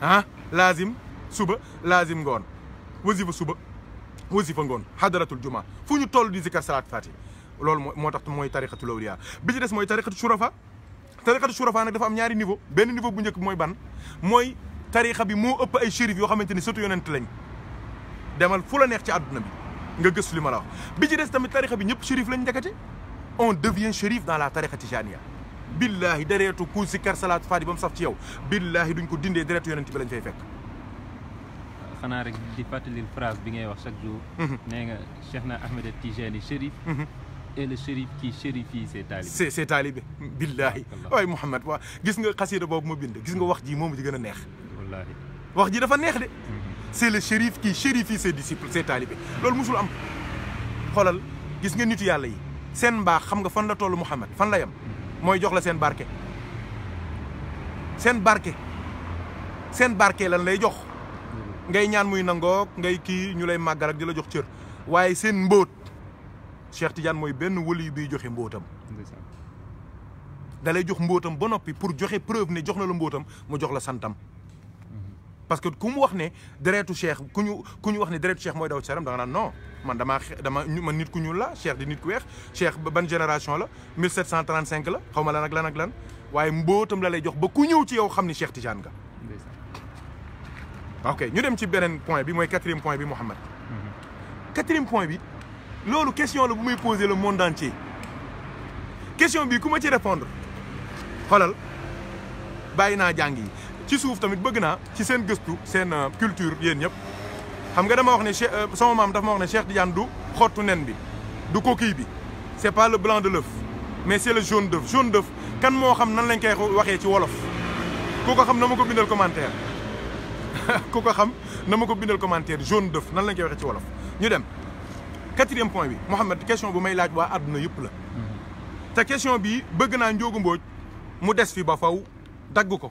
ah laazim suba laazim ngoon wasifa suba wasifa ngoon hadaratul juma fu ñu toll di zikkar salaat fati loolu moo moo tax mooy tarixatu lawliya bi ci des mooy tarixatu shurafa tarixatu shurafa nag dafa am ñaari niveau benn niveau bu njëkk mooy ban mooy tarixa bi mo upp ay shérif yo xamanteni ni yonent lañ demal fu la neex ci aduna bi nga geuss li ma la wax bi ci dess tamit tarixa bi ñëpp shérif lañ ndekati on devient shérif dans la tarixa tijaniya billahi dereetu ku zikkar salat fadi bam saf ci yow billahi duñ ko dindé dereetu yonent bi lañ fay fekk xana rek di fatali phrase bi ngay wax chaque jour né nga cheikhna Ahmed Tijani shérif et le shérif qui shérifie ses talibés c'est ses talibés billahi way Mouhamed wa gis nga xasida bobu mo bind gis nga wax ji momu di gëna neex wallahi wax ji dafa neex de. Mhm. c'est le shérif qui shérifie ses disciples ses talibé loolu musul am xolal gis nga nitu yalla yi sen xam nga fan la tollu Muhammad fan la yam mhm. moy jox la sen barké sen barké sen barké lan lay jox mhm. ngay ñaan muy nangok ngay ki ñu lay magal ak dila la jox cieur waye sen mbot Cheikh Tidiane moy ben wali bi joxe mbotam dalay jox mbotam bo nopi pour joxe preuve ne jox na la mu jox la santam. parce que si on dit que cheikh cheikh non Je suis dama cher nit cher la cheikh di génération 1735 la je lan ok nous dem ci un point bi le quatrième point bi Le mhm. quatrième point c'est la question que vous muy poser le monde entier question comment ku ci répondre ci souf tamit bëgg naa ci seen gëstu seen euh, culture yéen ñëpp xam nga dama wax ne euh, sama maam dafa ma wax ne Cheikh Tidiane du xottu nen bi du coquille bi c'est pas le blanc de l'œuf mais c'est le jaune d'œuf jaune d'œuf kan moo xam nan lañ koy waxee ci wolof ku ko xam na ma ko bindal commentaire ku ko xam na ma ko bindal commentaire jaune d'œuf nan lañ koy waxee ci wolof ñu dem quatrième point bi Mohammed, question bu may laaj waa àdduna yëpp la mhm. te question bi bëgg naa Ndiogou Mbodj mu des fi ba faw dagg ko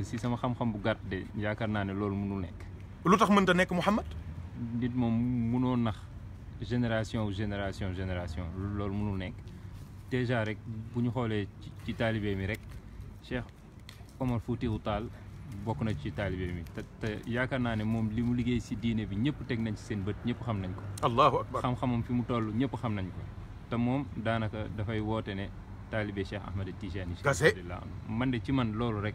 si sama xam-xam bu gàtt de yaakaar naa ne loolu mënul nek lutax mën ta nek mohammed nit mom mënoo nax génération génération génération loolu mënul nek déjà rek buñu xolé ci talibé mi rek Cheikh Omar Foutiyou Tall bokk na ci talibé mi te yaakar yaakaar naa ne moom li mu liggéey si diine bi ñepp tek nañ ci seen bëtt ñepp xam nañ ko. allahu akbar xam xamum fi mu tollu ñepp xam nañ ko. te danaka da fay woote ne talibé Cheikh Ahmed Tijani. kase man de ci man loolu rek.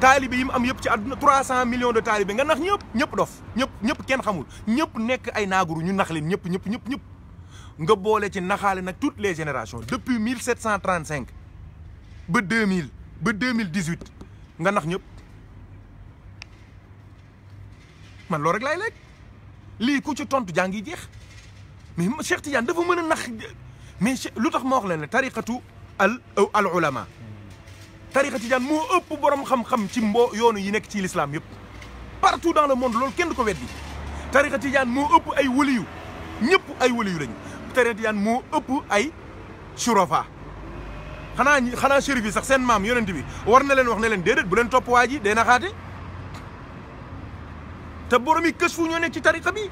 taalibe yi mu am yëpp ci àdduna 300 millions de taalibe nga nax ñëpp ñëpp dof ñëpp ñëpp kenn xamul ñëpp nekk ay naaguru ñu nax leen ñëpp ñëpp ñëpp ñëpp nga boole ci naxaale nag toutes les générations depuis 1735 ba mille ba 2018 nga nax ñëpp man loo rek laay lekk lii ku ci tontu jàng yi jeex mais Cheikh Tidiane dafa mën a nax mais lu tax ma wax leen ne tariqatu al al ulama tariqa tijaan moo ëpp borom xam-xam ci mbo yoonu yi nekk ci l'islam yëpp partout dans le monde loolu kenn du ko weddi tariqa tijaan moo ëpp ay waliyu ñëpp ay waliyu lañu tariqa tijaan moo ëpp ay shurafa xanaa xanaa shérif sax seen maam yonent bi war na leen wax ne leen déedéet bu leen topp waa ji day naxaate te borom yi kës fu ñoo nekk ci tariqa bi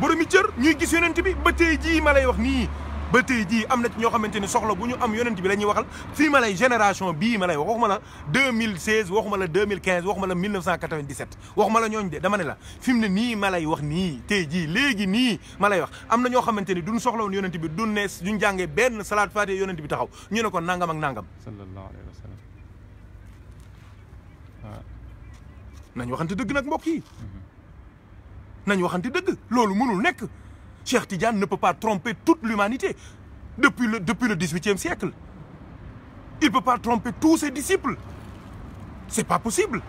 borom yi cër ñuy gis yonent bi ba tey jii ma lay wax nii ba tey jii am na ci ñoo xamante ni soxla bu ñu am yonent bi la ñuy waxal fii malay génération bii ma lay wax waxuma la 2016 waxuma la 2015 waxuma la 1997 waxuma la ñooñu de dama ne la fi mu ne nii ma wax nii tey jii léegi nii malay wax am na ñoo xamante ni duñ soxla woon yonent bi duñ ne duñ jàngee benn salaat faatee yonent bi taxaw ñu ne ko nangam ak nangam. sallallahu alayhi wa sallam waaw. nañ waxante dëgg nag mbokk yi. Mhm. nañ waxante dëgg loolu mënul nekk. Cheikh Tidiane ne peut pas tromper toute l'humanité depuis le, depuis le 18e siècle. Il ne peut pas tromper tous ses disciples. C'est pas possible.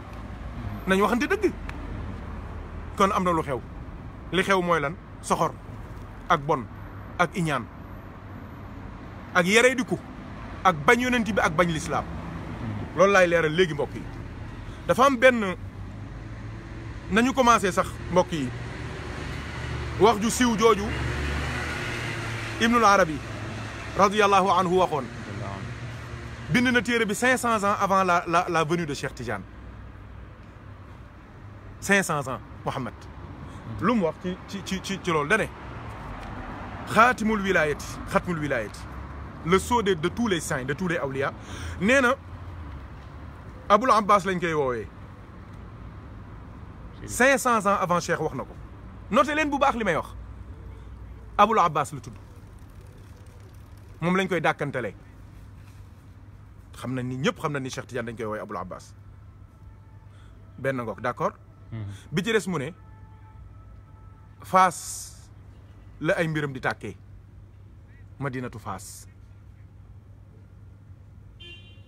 nañu waxante dëgg kon am na lu xew li xew mooy lan soxor ak bon ak iñaan ak yaree diku ak bañ yonent bi ak bañ l'islam loolu lay leeral légui mbokk yi dafa am benn nañu commencé sax mbokk yi wax ju siiw jooju ibnul arabi radiyallahu anhu waxoon bind na téere bi 500 ans avant la la la venue de Cheikh Tidiane 500 ans mohammed lum mu wax ci ci ci ci lol dane khatimul wilayat xatmul wilayat le sceau de de tous les saints de tous les awliya néna na Abul Abbas lañ koy wowe cinq ans avant Cheikh wax noté len bu baax limay wax abul abbas lu tudd mom lañ koy dakantalé xamna ni ñepp xamna ni Cheikh Tidiane dañ koy woy abul abbas ben ngok d'accord mhm. bi ci res mu ne fas la ay mbiram di také madinatu fas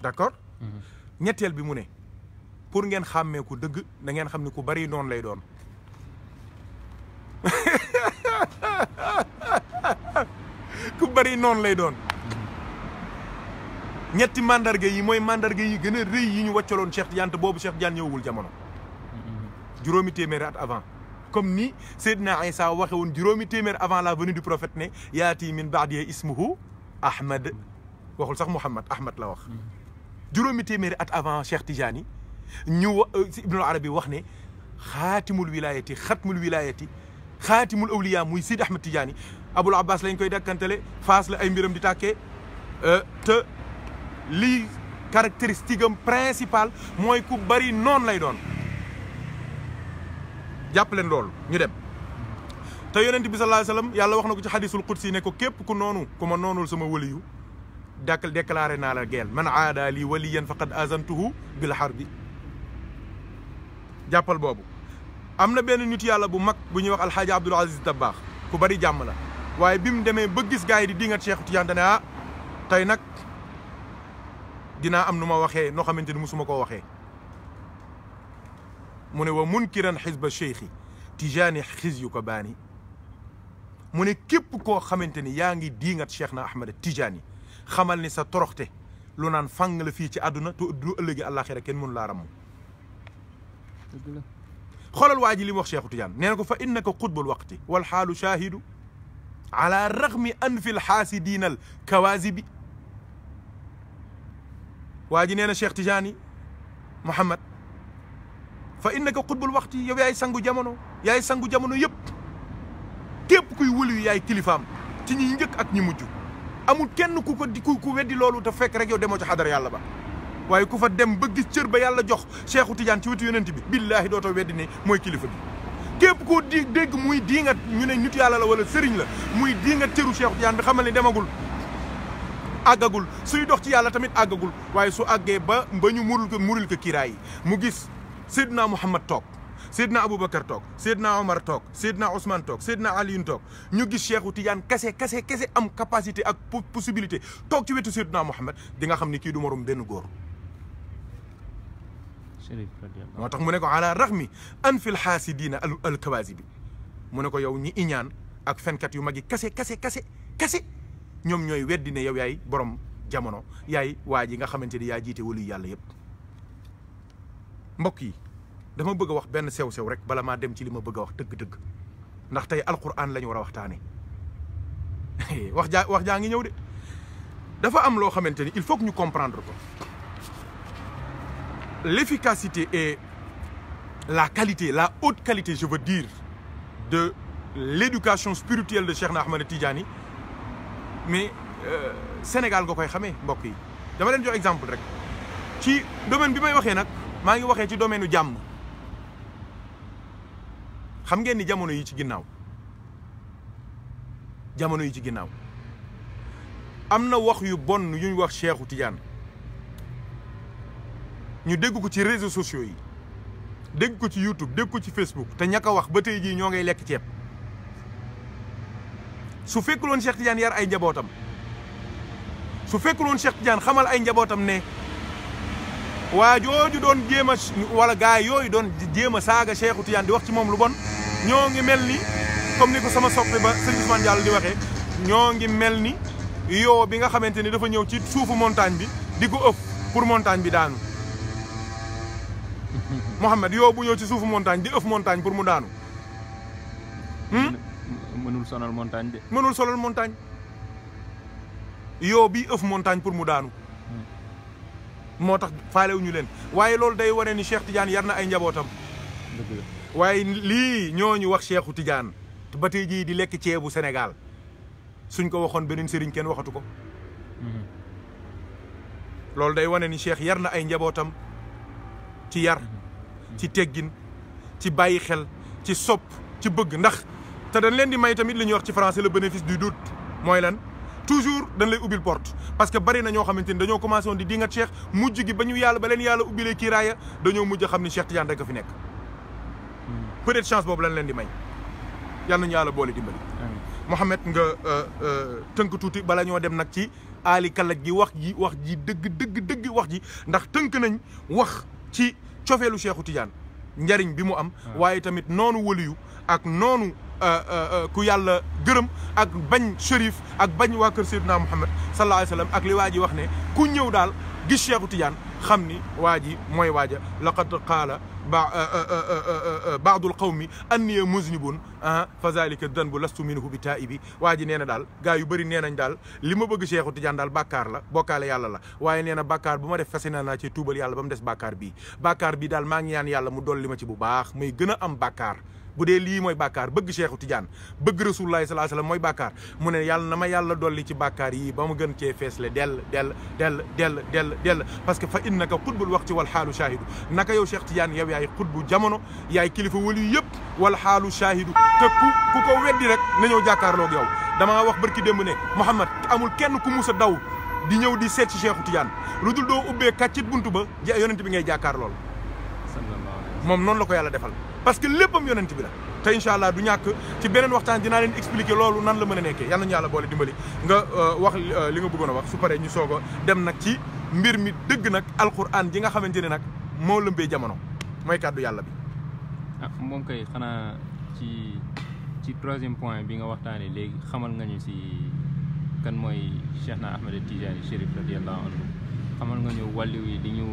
d'accord mhm. ñettel bi mu ne pour ngeen xamé ku deug na ngeen xamni ku bari non lay doon ku bari noonu lay doon ñetti mandarga yi mooy mandarga yi gën a rëy yi ñu waccaloon Cheikh Tidiane te boobu Cheikh Tidiane ñëwagul jamono juróomi téeméeri at avant comme ni Seydina Isa waxe woon juróomi téeméer avant la venue du prophète ne yaati min baadiya ismuhu Ahmad waxul sax Mouhamad Ahmad la wax juróomi téeméeri at avant Cheikh Tidiane ñu si euh, Ibnul Arabi wax ne xaatimul wilayati xatmul wilayati khatimul awliya muy sid Ahmed Tidiane Abul Abbas lañ koy dakkantele fas la ay mbiram di euh te li caractéristiqueum principal moy ku bari non lay don japp len lol ñu dem. te yonent bi sallallahu alayhi wasallam yalla wax na ko ci hadithul qudsi ne ko kep ku nonu ku ma noonul sama waliyu dàkkal déclaré na la gel man aada li waliyan faqad azantuhu bil harbi jappal bobu amna ben nit yàlla bu mag bu ñu wax al hadji abdul Aziz Dabakh ku bari jàmm la waye bim deme ba gis gaay di dingat Cheikh Tidiane dana tay nak dina am numa waxe no xamanteni musuma ko waxe mune wa munkiran hizb cheikhi tijaani xis yu ko baani mu ne képp koo xamante cheikh na Ahmed tijani xamal ni sa toroxte lu nan fàng la fi ci aduna to du ëllëgi àllaaxira kenn mënu laa ramm خلال واجي لي مخ فا انك قطب الوقت والحال شاهد على الرغم ان في الحاسدين الكواذب واجي نينا شيخ تجاني محمد فانك قطب الوقت يا ياي سانغو جامونو ياي سانغو جامونو ييب كيب كوي ولي ياي كليفام تي ني نيوك اك ني موجو امول كين كوكو دي كوي كو ويدي لولو تا فك رك يو ديمو تي حضر يالله با waaye ku fa dem ba gis cër ba yàlla jox Cheikhu Tidiane ci wetu yonent bi billaahi dootoo weddi ne mooy kilifa bi képp koo di dégg muy diingat ñu ne nit yàlla la wala sëriñ la muy diingat cëru Cheikhu Tidiane bi xamal ne demagul àggagul suy dox ci yàlla tamit àggagul waaye su àggee ba ba ñu murul ko murul ko kiraay mu gis Seydina Muhammad toog Seydina Aboubacar toog Seydina Omar toog Seydina Ousmane toog Seydina Alioune toog ñu gis Cheikhu Tidiane kese kese kese am capacité ak possibilité toog ci wetu Seydina Muhammad nga xam ni kii du morom benn góor moo tax mu ko ala rahmi an fil xaasidina al al kawazib mu ne ko yow ñi iñan ak fenkat yu magi kasse kase kase kase kase ñoy weddi ne yow yaay borom jamono yaay waji nga xamanteni ya jité wolu yalla yeb mbokk yi dama bëgg wax ben sew-sew rek bala ma dem ci lima bëgg wax deug deug ndax tay al qur'an lañu wara waxtane wax ja wax ja nga ñew de dafa am lo xamanteni il faut que ñu comprendre ko l'efficacité et la qualité, la haute qualité, je veux dire, de l'éducation spirituelle de Cheikh Nahmane Tidjani, mais euh, Sénégal nga le xamee je vais vous donner un exemple rek le domaine bi may vais nag maa ngi waxee ci domaine u jàmm xam ngeen ni jamono yi ci ginnaaw jamono yi ci des choses na wax yu bon yu ñu wax Cheikhu Tidiane ñu dégg ko ci réseau sociaux yi dégg ko ci YouTube dégg ko ci Facebook te ña ko wax ba tey jii ñoo ngay lekk ceeb su fekkuloon Cheikh Tidiane yar ay njabootam su fekk fekkuloon Cheikh Tidiane xamal ay njabootam ne waa jooju doon jéem a wala gaa yooyu doon jéem a saaga Cheikh Tidiane di wax ci moom lu bon ñoo ngi mel ni comme ni ko sama soppe ba sëñ Ousmane Diallo di waxee ñoo ngi mel ni yoo bi nga xamante ni dafa ñëw ci suufu montagne bi di ko ëpp pour montagne bi daanu. Mouhamed yow bu ñëw ci suufu montagne di ëf montagne pour mu daanu. Hmm? mënul sonal montagne de. mënul sonal montagne yow bi ëf montagne pour mu daanu. Hmm. moo tax faalewuñu leen waaye loolu day wane ni Cheikh Tidiane yar na ay njabootam. waaye lii ñooñu wax Cheikhu Tidiane ba tey jii di lekk ceebu senegal suñ ko waxoon beneen sëriñ kenn waxatu ko. Hmm. loolu day wane ni Cheikh yar na ay njabootam. ci yar ci teggine ci bayyi xel ci sop ci bëgg ndax té dañ leen di may tamit li ñu wax ci français le bénéfice du doute moy lan toujours dañ lay port. porte parce que bari na ño xamanteni dañu commencé di dingat Cheikh mujj gi bañu yalla balen yalla leen ki raya dañu dañoo mujj xam Cheikh Tidiane rek fi nek peut-être chance bobu lañ leen di may yalla ñu yalla boole dimbali mohammed nga teunk euh, tuuti bala ñoo dem nak ci ali kalaj gi wax gi wax gi deug deug deug wax gi ndax teunk nañ wax ci cofeelu Cheikhou Tidiane njariñ bi mu am. Ah. waaye tamit noonu waliyu ak noonu euh, euh, euh, ku yàlla gërëm ak bañ shérif ak bañ waa kër Seydina Mouhamed sallallahu ak li waa wax ne ku ñëw daal gis Cheikhou Tidiane. خمني واجي موي واجي لقد قال بعض القوم اني مذنب فذلك الذنب لست منه بتائب واجي نينا دال غا يو بري نينا دال لما بغي شيخو تيجان دال بكار لا بوكال يالا لا واي نينا بكار بما ديف فاسينا نا تي توبال يالا بام ديس بكار بي بكار بي دال ماغي نان يالا مو دولي ما تي بو باخ مي غنا ام بكار bu dee lii mooy bàkkaar bëgg Cheikhu Tidiane bëgg Rasulullaahi sallaa sallam mooy bàkkaar mu ne yàlla na ma yàlla dolli ci bàkkaar yi ba ma gën cee feesle dell dell dell dell dell dell parce que fa innaka xutbul waxti wal xaalu shaahidu naka yow Cheikh Tidiane yow yaay xutbu jamono yaay kilifa wali yëpp wal xaalu shaahidu te ku ku ko weddi rek na ñëw jàkkaarloog yow damaa wax barki démb ne Mouhamad amul kenn ku mus daw di ñëw di seet ci Cheikhu Tidiane lu dul doo ubbee kàccit buntu ba yonent bi ngay jàkkaar moom noonu la ko yàlla defal parce que léppam yonent bi la te incha allah du ñàkk ci beneen waxtaan dinaa leen expliquer loolu nan la mën a nekkee yal nañu yàlla boole dimbali nga euh, wax euh, li nga bëggoon a wax su paree ñu soogo a dem nag ci mbir mi dëgg nag alquran ji nga xamante ne nag moo lëmbee jamono mooy kàddu yàlla bi. ah moom kay xanaa ci ci troisième point bi nga waxtaanee léegi xamal nga ñu si kan mooy Cheikh na Ahmed Tidiane Chérif radiyallahu anhu xamal nga ñu wàllu yi di ñu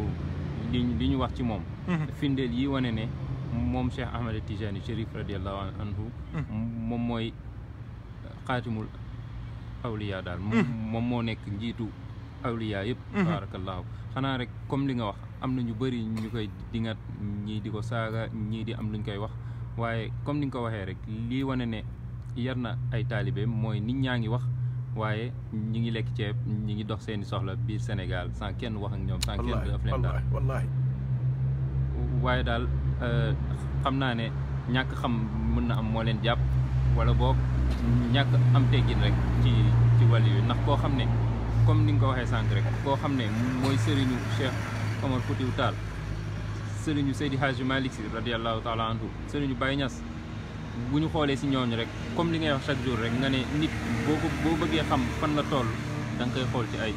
ñu wax ci moom. Mhm. moom cheikh ahmed tijani cherif radiyallahu anhu moom hmm. mooy khatimul eh, awliya dal moom hmm. mo nek njitu awliya yeb hmm. barakallahu xana rek comme li nga wax amna ñu bari ñu koy dingat ñi di ko saaga ñii di am luñ koy wax waaye comme ni nga ko rek li wone ne yarna ay talibé moy nit ñaa wax waaye ñi ngi lek ciép ñi ngi dox seeni soxla biir Sénégal sans kenn wax ak ñom sans kenn wallahi waaye dal Euh, xam naa ne ñàkk xam mën na am moo leen jàpp wala boog ñàkk am teggin rek ci ci wàll yu ndax koo xam ne comme ni nga ko waxee sànq rek koo xam ne mooy sëriñu Cheikh Omar Foutiyou Tall sëriñu Seydi Hadji Malick Sy radiallahu taala anhu sëriñu Baye Niass bu ñu xoolee si ñooñu rek comme li ngay wax chaque jour rek nga ne nit boo ko boo bëggee xam fan la tool da koy xool ci ay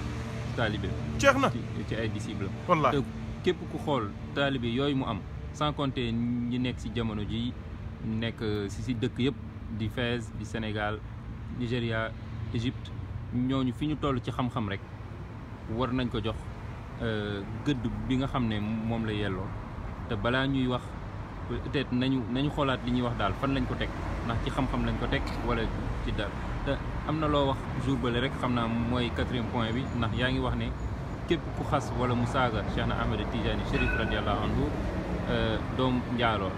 taalibe ceex na ci ay disciple wallaahi te képp ku xool taalibe yooyu mu am sans compter ñi nekk ci jamono ji nekk ci si dëkk yëpp di Fès di Sénégal Nigéria Égypte ñooñu fi ñu toll ci xam-xam rek war nañ ko jox euh, gëdd bi nga xam ne moom la yelloo te balaa ñuy wax peut-être nañu nañu xoolaat li ñuy wax daal fan lañ ko teg ndax ci xam-xam lañ ko teg wala ci daal te am na loo wax jour bale rek xam naa mooy quatrième point bi ndax yaa ngi wax ne képp ku xas wala mu saaga Cheikh na Ahmed Tidiane Chérif radiallahu anhu Euh, doomu Ndiaro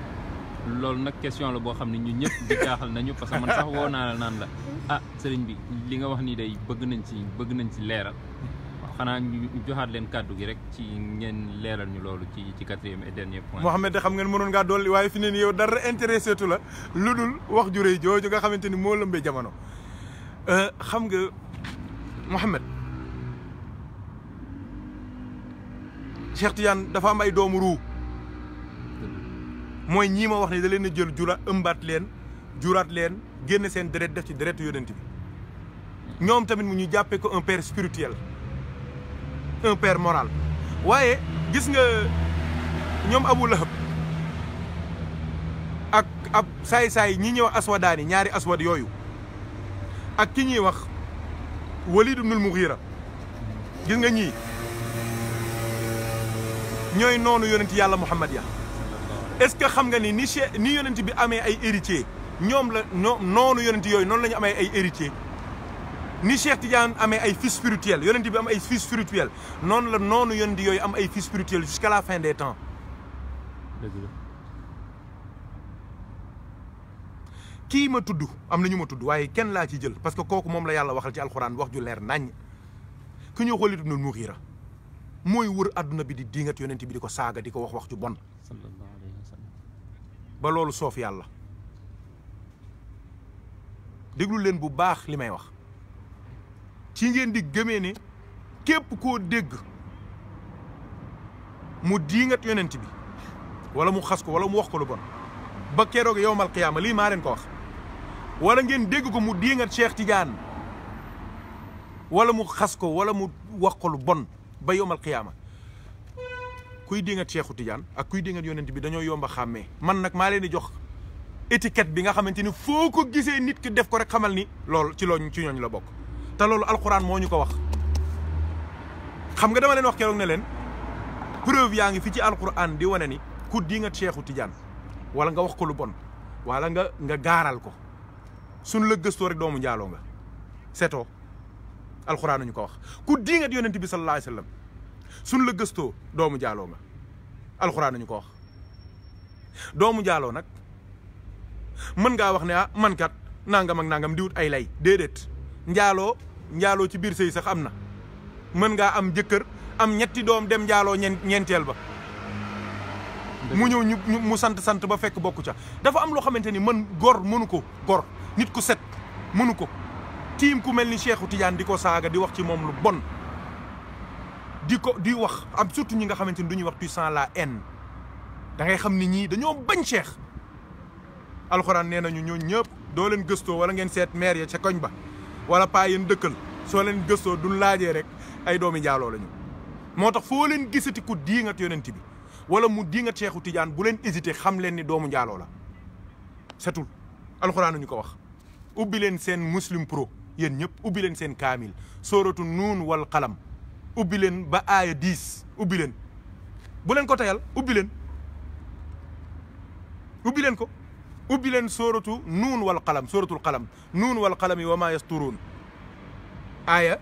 loolu nag question la boo xam ne ñu ñëpp di jaaxal nañu parce que man sax woo naa la naan la ah sëriñ bi li nga wax nii day bëgg nañ ci bëgg nañ ci leeral xanaa joxaat leen kàddu gi rek ci ngeen leeral ñu loolu ci ci quatrième et dernier point. Mouhamed xam ngeen mënoon ngaa dolli waaye fi ne nii dara intéressé la lu dul wax ju rëy jooju nga xamante ni moo lëmbee jamono euh, xam nga Mouhamed Cheikh Tidiane dafa am ay doomu ruu. mooy ñii ma wax ne da leen a jël jura ëmbaat leen juraat leen génn seen deret def ci deretu yonent bi ñoom tamit mu ñu jàppee ko un père spirituel un père moral waaye gis nga ñoom abu lahab ak ab saay-saay ñi ñuy wax aswadaani ñaari aswad yooyu ak ki ñuy wax walid ibnul mughira gis nga ñii ñooy noonu yonent yàlla muhammad ya est-ce que xam nga ni ni che ni yonent bi amee ay héritier ñoom la ñoo noonu yonent yooyu noonu lañu amee ay héritier ni Cheikh Tidiane amee ay fils spirituels yonent bi am ay fils spirituels noonu la noonu yonent yooyu am ay fils spirituels jusqu'à la fin des temps kii ma tudd am na ñu ma tudd waaye kenn laa ci jël parce que kooku moom la yàlla waxal ci alxuraan wax ju leer naññ ku ñu xoolit nu Mughira mooy wër àdduna bi di diingat yonent bi di ko saaga di ko wax wax ju bon ba loolu soof yàlla déglu leen bu baax li may wax ci ngeen di gëmee ne képp koo dégg mu diingat yonent bi wala mu xas ko wala mu wax ko lu bon ba keroog yowmal qiyaama lii maa leen ko wax walla ngeen dégg ko mu diingat Cheikh Tidiane wala mu xas ko wala mu wax ko lu bon ba yowmal qiyaama kuy dingat cheikhou tidiane ak kuy dingat yonent bi dañoo yomba xamé man nak ma leni jox étiquette bi nga xamanteni ni gisé nit ki def ko rek xamal ni lol ci loñ ci ñooñ la bok ta lol alcorane moñu ko wax xam nga dama leen wax kérok ne len preuve yaangi fi ci alcorane di wone ni ku dingat cheikhou tidiane wala nga wax ko lu bon wala nga nga garal ko sun le gesto rek doomu ndialo nga seto alcorane ñu ko wax ku dingat yonent bi sallallahu alayhi wasallam Sun la gesto doomu jaaloo nga alcorane ñu ko wax doomu jaaloo nak man nga wax ne ah man kat nangam ak nangam diwut ay lay dedet njaaloo njaaloo ci bir sey sax am man nga am jëkkër am ñetti doom dem njaaloo ñentel ba mu ñew ñu mu sant sant ba fekk bokku ca dafa am lo xamanteni ni gor mënu ko gor nit ku set mënu ko tim ku melni cheikhou Tidiane diko saga di wax ci mom lu bon di ko di wax am surtout ñi nga xamanteni duñu wax tu sens la haine da ngay xam ni ñi dañoo bañ cheikh alcorane nee ñu ñoo ñepp do leen gesto wala ngeen set maire ya ci koñ ba wala pa yeen dekkal so leen gesto duñ laaje rek ay doomi jaalo lañu motax fo leen gisati ku diingat yonent bi wala mu nga cheikhu tidiane bu leen hésiter xam leen ni doomu jaalo la setul alcorane ñu ko wax ubbi leen sen muslim pro yeen ñepp ubbi leen sen kamil suratun nun wal qalam ubbi leen ba aaya 10 ubbi leen bu leen ko tayal ubbi leen ubbi leen ko ubbi leen suratu nun wal qalam suratul qalam nun wal qalami wa ma yasturun aya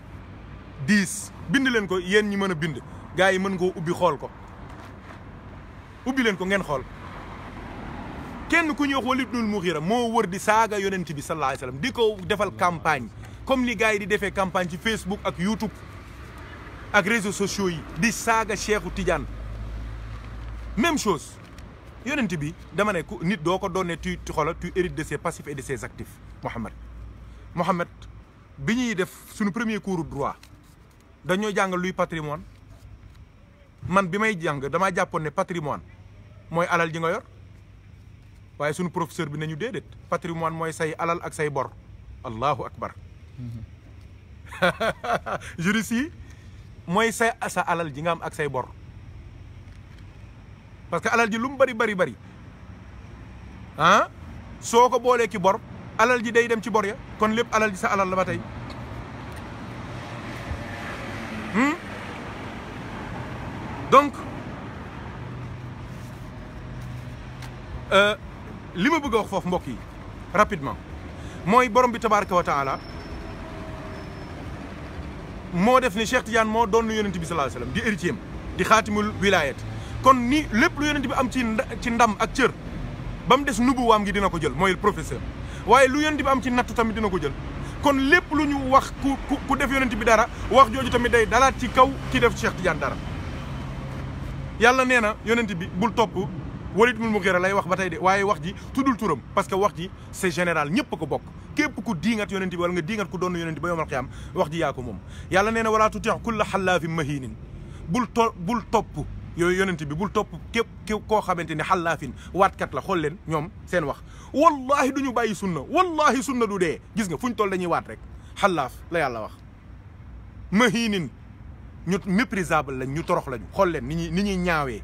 10 bind leen ko yéen ñi mëna bind gaay yi mën koo ubbi xool ko ubbi leen ko ngeen xool kenn ku ñu wax Walid ibnul Mughira moo wër di saaga yonent bi sallallahu alayhi wasallam di ko defal campagne comme ni gaay di defee campagne ci Facebook ak YouTube ak réseaux sociaux yi di saaga Cheikhu Tidiane même chose yonent bi dama ne nit doo ko doon ne tu xoolal tu hérites de ses passifs et de ses actifs Mohamed Mohamed biñi def suñu premier cours de droit dañoo jàng luy patrimoine man bi may jàng damaa jàppoon patrimoine moy alal ji nga yor Waye suñu professeur bi nañu déedéet patrimoine moy say alal ak say bor allahu akbar mhm. juriste Moy sa asa alal ji nga am ak say bor parce que alal ji lum bari bari bari ah soko bolé ki bor alal ji day dem ci bor ya kon lepp alal ji sa alal la batay hmm donc euh lima bëgg wax fofu mbokk yi rapidement moy borom bi taala moo def ni Cheikh Tidiane moo doon na yonent bi sallallahu alayhi wasallam di héritier di xaatimul wilayat kon ni lépp lu yonent bi am ci ci ndam ak cër ba mu des nubuwaam gi dina ko jël mooy professeur waaye lu yonent bi am ci natt tamit dina ko jël kon lépp lu ñu wax ku ku def yonent bi dara wax jooju tamit day dalaat ci kaw ki def Cheikh Tidiane dara yàlla nee na yonent bi bul topp Walid Mougira lay wax ba tey de waaye wax ji tuddul turam parce que wax ji c'est général ñëpp ko bokk képp ku diingat yonent bi wala nga diingat ku doon yonent ba yawmal qiyaam wax ji yaa ko moom yàlla nee na walaa tutix kulla xallaafin mahiinin bul to bul topp yooyu yonent bi bul topp képp képp koo xamante ne xallaafin waatkat la xool leen ñoom seen wax wallahi duñu bàyyi sunna wallahi sunna du dee gis nga ñu toll dañuy waat rek xallaaf la yàlla wax mahiinin ñu méprisable lañ ñu torox lañu xool ni ñuy ni ñuy ñaawee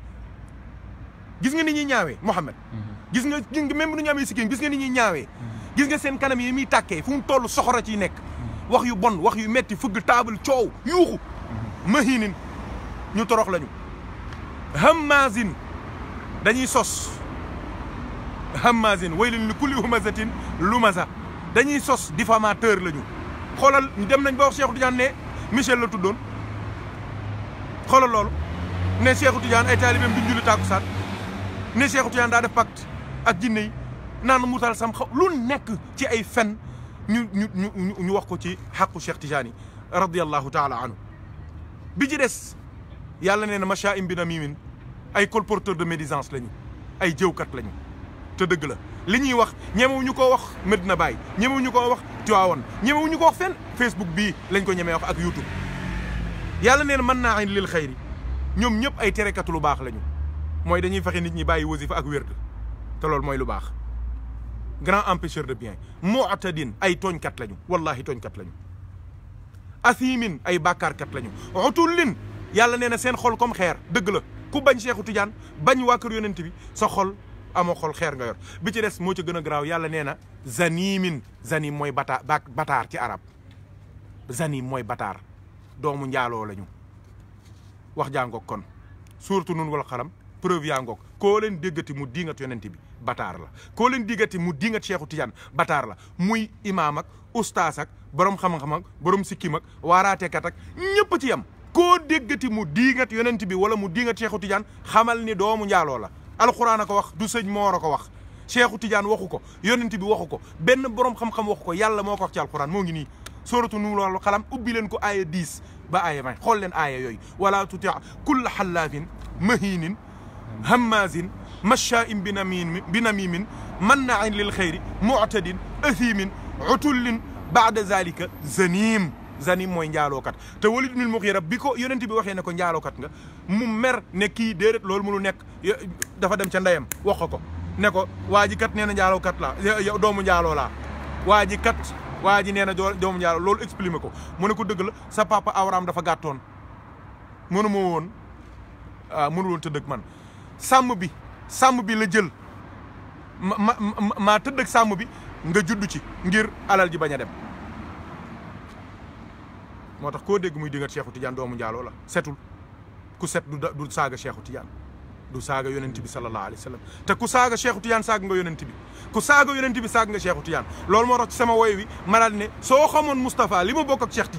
gis nga ni ñuy ñaawee Mouhamed mm-hmm. gis nga même bu ñu amee sikkim gis nga ni ñuy ñaawee mm-hmm. gis nga seen kanam yi muy tàkkee fu mu tollu soxora ciy nekk mm-hmm. wax yu bon wax yu metti fëgg taabal coow yuuxu mahinin ñu torox lañu hammazin dañuy sos hammazin waylun li kulli lu lumaza dañuy sos diffamateur lañu xoolal dem nañ ba wax Cheikh Tidiane ne Michel la tuddoon xoolal loolu ne Cheikh Tidiane ay taalibeem duñ julli tàkkusaan ne Cheikh Tidiane da def pact ak jinne yi nan moutal sam lu nek ci ay fen ñu ñu ñu wax ko ci haqu Cheikh tijani radiyallahu taala anhu bi ci dess yàlla neena masha'im bin mimin ay colporteur de médisance lañu ay jew kat lañu te deug la li ñuy wax ñemewuñu ñuko wax Medina bay ñemewuñu ñuko wax Tiwaawan ñemewuñu ñuko wax fen Facebook bi lañ ko ñemee wax ak YouTube yàlla neena manna'in lil khair ñom ñep ay téré lu bax lañu. mooy dañuy fexe nit ñi bàyyi wasifa ak wérd te loolu mooy lu baax grand empêcheur de bien mu'tadin ay tooñkat lañu wallahi tooñkat lañu asimin ay bàkkaarkat lañu utullin yàlla nee na seen xol comme xeer dëgg la ku bañ Seexu Tijaan bañ waa kër yonent bi sa xol amoo xol xeer nga yor bi ci des moo ci gën a garaaw yàlla nee na zanimin zanim mooy bata bataar ci arab zanim mooy bataar doomu njaaloo lañu wax jàngoog kon suurtu nun wal xalam preuve yaa ngoog koo leen déggati mu diingat yonent bi bataar la koo leen diggati mu diingat Cheikhu Tidiane bataar la muy imaam ak ustaas ak borom xam-xam ak borom sikkim ak waaraatekat ak ñëpp ci yam koo déggati mu diingat yonent bi wala mu diingat Cheikhu Tidiane xamal ni doomu njaaloo la alxuraan a ko wax du sëñ moor a ko wax Cheikhu Tidiane waxu ko yonent bi waxu ko benn borom xam-xam waxu ko yàlla moo ko wax ci moo ngi nii suratu nuur wal qalam ubbi leen ko aaya 10 ba aaya 20 xool leen aaya yooyu wala tuti kulla xallaafin mahinin هماز مشاء بنميم بنميم مناع للخير معتد أثيم عتل بعد ذلك زنيم zanim mooy njaalookat te Walid ibn al-Mughira bi ko yonent bi waxee ne ko njaalookat nga mu mer ne kii déedéet loolu mënu nekk dafa dem ca ndeyam wax ko ne ko waa ji kat nee na njaalookat laa doomu njaaloo laa waa ji kat waa ji nee na doomu njaaloo loolu exprimer ko mu ne ko dëgg la sa papa awraam dafa gàttoon mënu ma woon mënu woon tëdd ak man sàmm bi sàmm bi la jël ma ma maa tëdd bi nga juddu ci ngir alal ji bañ dem. moo tax koo dégg muy dingat Cheikhu Tidiane doomu njaaloo la setul ku set du du saaga Cheikhu Tidiane du saaga yonent bi sallallahu alayhi wa te ku saaga Cheikhu Tidiane saaga nga yonent bi ku saaga yonent bi saaga nga Cheikhu Tidiane loolu moo tax ci sama woy wi ma daal ne soo xamoon Moustapha li ma bokk ak Cheikh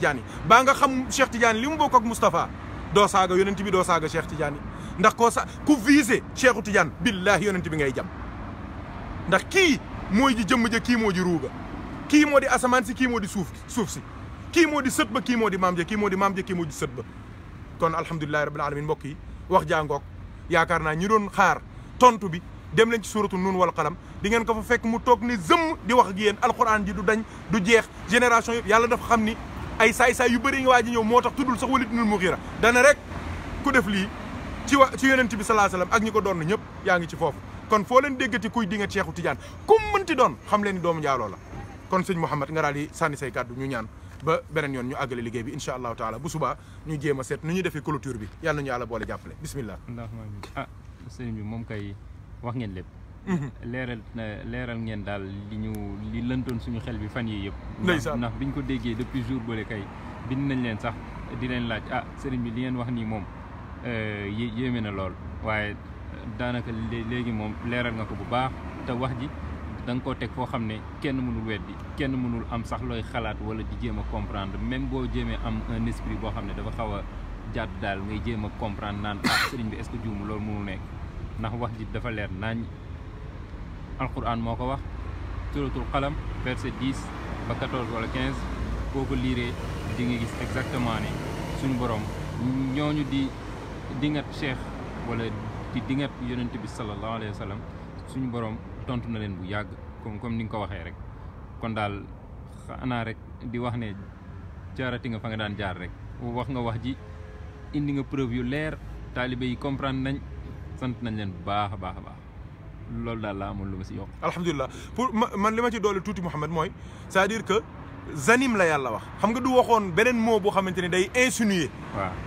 baa nga xam Cheikh Tidiane li mu bokk ak Moustapha doo saaga yonent bi doo saaga Cheikh Tidiane yi ndax ko sa ku visé cheikhou tidiane billahi yonent bi ngay jam ndax ki moy ji jëm ja ki moy ji ruuga ki mo di asaman si ki mo di souf suuf si ki mo di seut ba ki mo di mam je ki mo di mam je ki di seut ba kon alhamdullilah rabbil alamin mbok yi wax jangok yaakar ñi doon xaar tontu bi dem lañ ci suratul nun wal qalam di ngeen ko fa fek mu tok ni zëm di wax gi yeen alquran ji du dañ du jeex generation yëpp yalla dafa xamni ay say say yu bari nga waji ñew motax tudul sax walid nul mughira dana rek ku def li ci wa ci yonent bi salaa salaam ak ñi ko doon ñëpp yaa ngi ci foofu kon foo leen déggati kuy di nga Seexu Tijaan kum mënti doon xam leen ni doomu njaaloo la kon sëñ Mouhamed nga daal di sànni say kàddu ñu ñaan ba beneen yoon ñu àggale liggéey bi incha allahu taala bu subaa ñu jéem seet nu ñuy defee clôture bi yàlla nañu yàlla boole jàppale bismillah ah bi moom kay wax ngeen lépp mhm. leeral leeral ngeen daal li ñu li lëntoon suñu xel bi fan yii yëpp ndax biñ ko déggee depuis jour bële kay bind nañ leen sax di leen laaj ah sëriñ bi li ngeen wax nii Euh, yéeme na lool waaye daanaka léegi moom leeral nga ko bu baax te wax ji da nga koo teg foo xam ne kenn mënul bi kenn mënul am sax looy xalaat wala di jéem a comprendre même boo jéemee am un boo xam ne dafa xaw a jàdd daal ngay jéem a comprendre naan ah sëriñ bi est-ce que juumu loolu mënul nekk ndax wax ji dafa leer naañ alquran moo ko wax suratul xalam verset 10 ba 14 walla 15 boo ko liiree di nga gis exactement ne suñu borom ñooñu di dingat cheikh wala di dingat yonent bi sallallahu alayhi wa sallam suñu boroom tontu na leen bu yàgg kom comme ni nga ko waxee rek kon daal xanaa rek di wax ne jaarati nga fa nga daan jaar rek wax nga wax ji indi nga preuve yu leer taalibe yi comprendre nañ sant nañ leen bu baax a baax a baax loolu daal laa amoon lu ma si yokk. alhamdulilah pour man li ma ci doole tuuti Mouhamed mooy c'est-à-dire que zanim la yàlla wax xam nga du waxoon beneen moo boo xamante ne day insinuer. waaw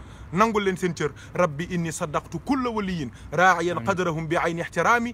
نقول لنسنتر ربي إني صدقت كل وليين راعيا قدرهم بعين احترامي